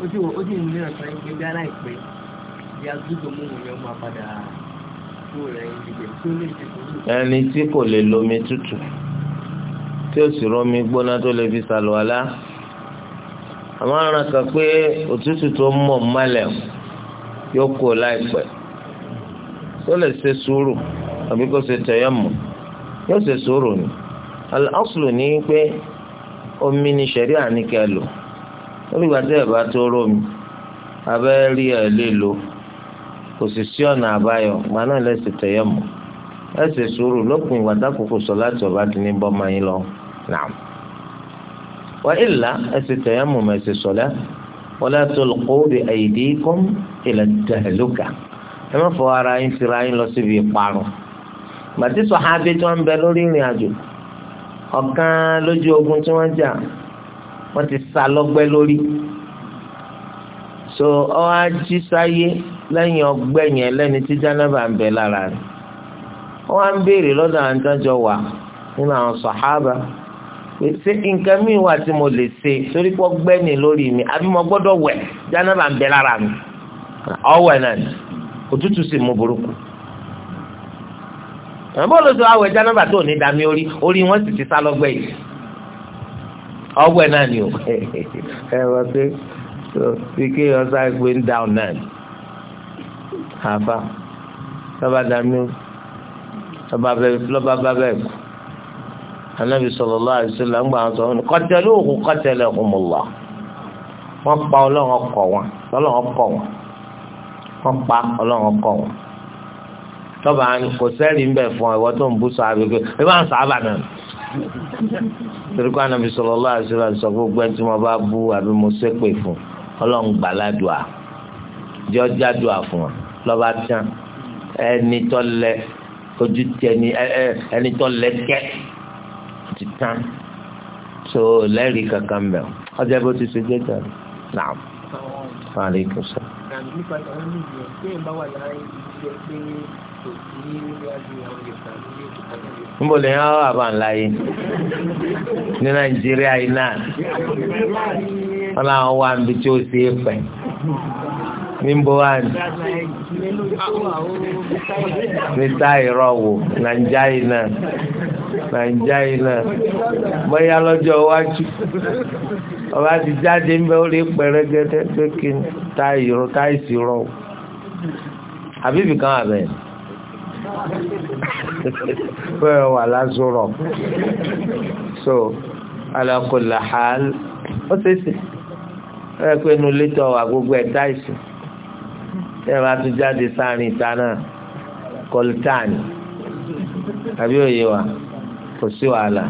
ojú ojú mìíràn sọ pé bí aláìpẹ́ bí agbúdò mú òun yẹn máa padà kú rẹ̀ ìdìbò tí ó lè ṣe kúrò. ẹni tí kò lè lomi tútù tí ó sì romi gbóná tó lè fi ṣàlùwàlá. àwọn aràn kan pé òtútù tó ń mọ̀ mọ́lẹ̀ yóò kó láìpẹ́ tó lè ṣe sùúrù àbí kó ṣe tẹ̀yẹ̀ mọ̀ yóò ṣe sùúrù ni al omi ni ṣẹ̀rí àníkẹ́ lò olùgbà tí ẹ̀ tó rómi abẹ́ rí ẹ̀ lè lò kò sì sí ọ̀nà àbáyọ gba náà lẹ́sẹ̀ tẹ̀yẹ̀ mọ̀ ẹ̀ ṣe sùúrù lópin dákòókò sọ láti ọ̀bá ti wa ilà ẹsẹ̀ tẹ̀yàmù mẹ̀sẹ̀ sọ̀lá wala tulqu bi aydikum ila tahluka ẹ má fọ ara yín síra yín lọ síbi ìparun gbàtí sọ̀hábí tí wọ́n ń bẹ lórí ìrìn àjò ọ̀kan lójú ogun tí wọ́n jà wọ́n ti sá lọ́gbẹ́ lórí so ọ́ á jí sáyé lẹ́yìn ọgbẹ́ yẹn lẹ́ni tí jánábà ń bẹ lára rẹ̀ wọ́n á ń béèrè lọ́dọ̀ àwọn ìtọ́jọ wà nínú àwọn sọ̀hábà ṣé nǹkan mi wà tí mo lè ṣe torí pé ọgbẹ́ni lórí mi àbí mo gbọ́dọ̀ wẹ̀ jánábà ń bẹ lára mi ọwẹ́ náà ni òtútù sì mú burúkú àbọ̀ lóṣù àwẹ̀ jánábà tó ní dàmí orí orí wọn sì ti sá lọ́gbẹ́ yìí ọwẹ́ náà ni o ẹ wọ pé bí kí ọsà gbé ń dáhùn náà ni àbá lọ́ba dàmí orí lọ́ba bá bẹ́ẹ̀ kú anabi sallallahu alaihi wasallam ń gbà wọn sọ wọn qataluhu qatalahumullah wọn pa Ọlọ́run kọ wọn Ọlọ́run kọ wọn wọn pa Ọlọ́run kọ wọn tọba kò sẹ́ẹ̀rì ń bẹ̀ fún ẹ̀wọ́ tó ń bú sáà gbégbé ẹ bá ń sábà náà torí kó anabi sallallahu alaihi wasallam sọ gbogbo ẹni tí wọn bá bú àbí mo ṣépè fún Ọlọ́run gbàládùá jẹ ọjà dùá fún wọn lọba tán ẹni tọ lẹ ojú tẹni ẹni tọ lẹ kẹ ti tán so lẹ́rìí kankan mbẹ́ ọjọ́ bó ti ṣe jẹ́ jàre náà fàlẹ́ ìkọsọ. nípa ìtàn ní ìlú ẹ̀ pé ìbá wà lára níbo lè yàn wà bá ń láyé ní nàìjíríà yìí náà wọn làwọn wà níbi tí ó ṣe é pẹ́ níbo wá ní. níta ìrọ̀ wò nàìjà yìí náà nàìjà yìí náà bóyá lọ́jọ́ iwájú ọba ti jáde ńbẹ ó lè pẹ̀rẹ́gẹ́dẹ́ pé kí n ta ìrọ̀ táìsì rọ̀ wò àbí ibìkan àbẹ̀ ni bẹ́ẹ̀ wà lásòrọ̀ so alákòlá hàl ó ṣe é ṣe ẹ pé inú létọ̀ wà gbogbo ẹ̀ táìsì ẹ máa tún jáde sáàrin ìta náà kọlítàní àbí òye wa kò sí wàhálà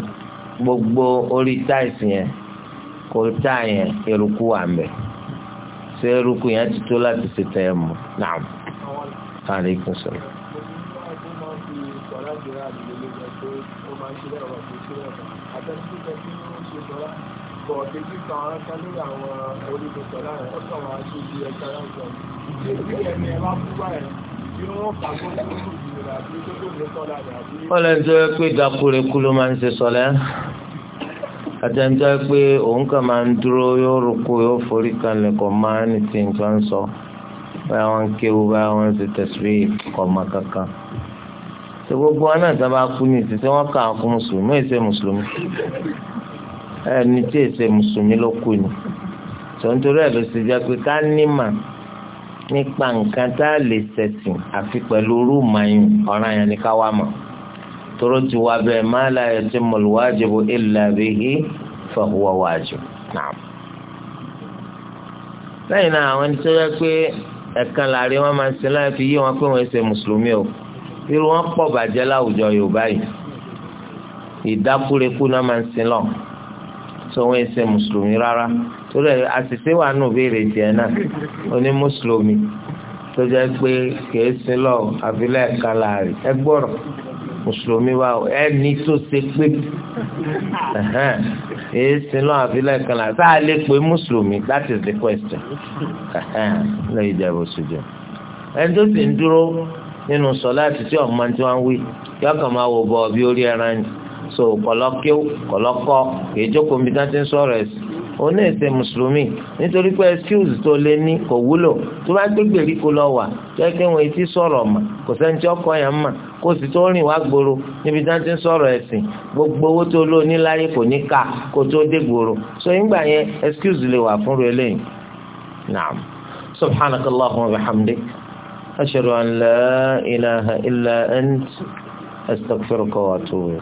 gbogbo orí táìsì yẹn kọlítà yẹn eruku wà mbẹ ṣé eruku yẹn ti tó láti ṣe tẹ ẹ mọ náà aleykum salaam. Thank you bọ̀ kejì kan ara kan lórí àwọn olùdókòó láàrin ó sọ̀rọ̀ àti ibi ẹ̀ka láìpẹ́ ìdí ìdí ẹni ẹ bá fún báyìí wọ́n ń jẹ́ pé dakureku ló máa ń ṣe sọlẹ́ àtẹnjẹ́ pé òun kàn máa ń dúró yóò rúkú yóò forí kanlẹ̀ kò máa ń ti nǹkan ń sọ báyà wọn ń kéwu báyà wọn ń ṣe tẹ̀síwì kọ̀ máa kankan ṣe gbogbo wọn náà sábà kú ní ìsìn tí wọ́n kà á fún mùsùlùmí èsè mùsùlùmí ẹni tí èsè mùsùlùmí ló kù ni tòǹtòrí ẹ̀ ló sì jẹ́ pé ká nímà nípa nǹkan tá a lè ṣẹ̀sìn àfi pẹ̀lú rúùmáyìn ọ̀ràn yẹn ni ká wá mọ̀ tóró ti wá bẹ́ẹ̀ má la yatimmul wajibu illa bihi fahuwa wajib náà. lẹ́yìn náà àwọn ẹni tó yẹ pé ẹ̀kan láàrin wọn máa ń sin láì fi yí wọn pé wọn ṣe mùsùlùmí o irú wọn pọ̀ bàjẹ́ láwùjọ Yorùbá yìí ìdákúrekú náà máa ń sin lọ́wọ́ sọ wọn ẹsẹ mùsùlùmí rárá torí àṣìṣe wà nù béèrè tiẹ̀ náà oní mùsùlùmí tó jẹ́ pé kìí sin lọ àfilẹ̀ kan láàrin ẹ gbọ́rọ̀ mùsùlùmí wa ẹni tó ṣe pé kìí sin lọ àfilẹ̀ kan tá a lè pé mùsùlùmí that is the question lẹ́yìn ìjẹ́bù ṣùjọ́ ẹni tó sì ń dúró nínú sọ láti tí ọ̀mọ́ tí wọ́n ń wí yọkàn máa wò bọ̀ bí orí ẹran yìí so kọlọkíw kọlọkọ ìjókòó níbi tí wọn ti ń sọ̀rọ̀ ẹsìn oní ẹsẹ mùsùlùmí nítorí pé excuse tó lé ní kò wúlò tó bá gbé gbèríko lọ wà kẹ́kẹ́ wọn etí sọ̀rọ̀ mà kò sẹ́ni tí ọkọ yẹn mà kó sì tó rìn wá gbòòrò níbi tí wọn ti ń sọ̀rọ̀ ẹsìn gbogbo owó tó lò ní kò ní ká kó tó dé gbòòrò so ìgbà yẹn excuse lè wà fún rẹ lẹ́yìn naam subhanakallahumma wa bihamdik ashhadu an la ilaha illa ant astaghfiruka wa atubu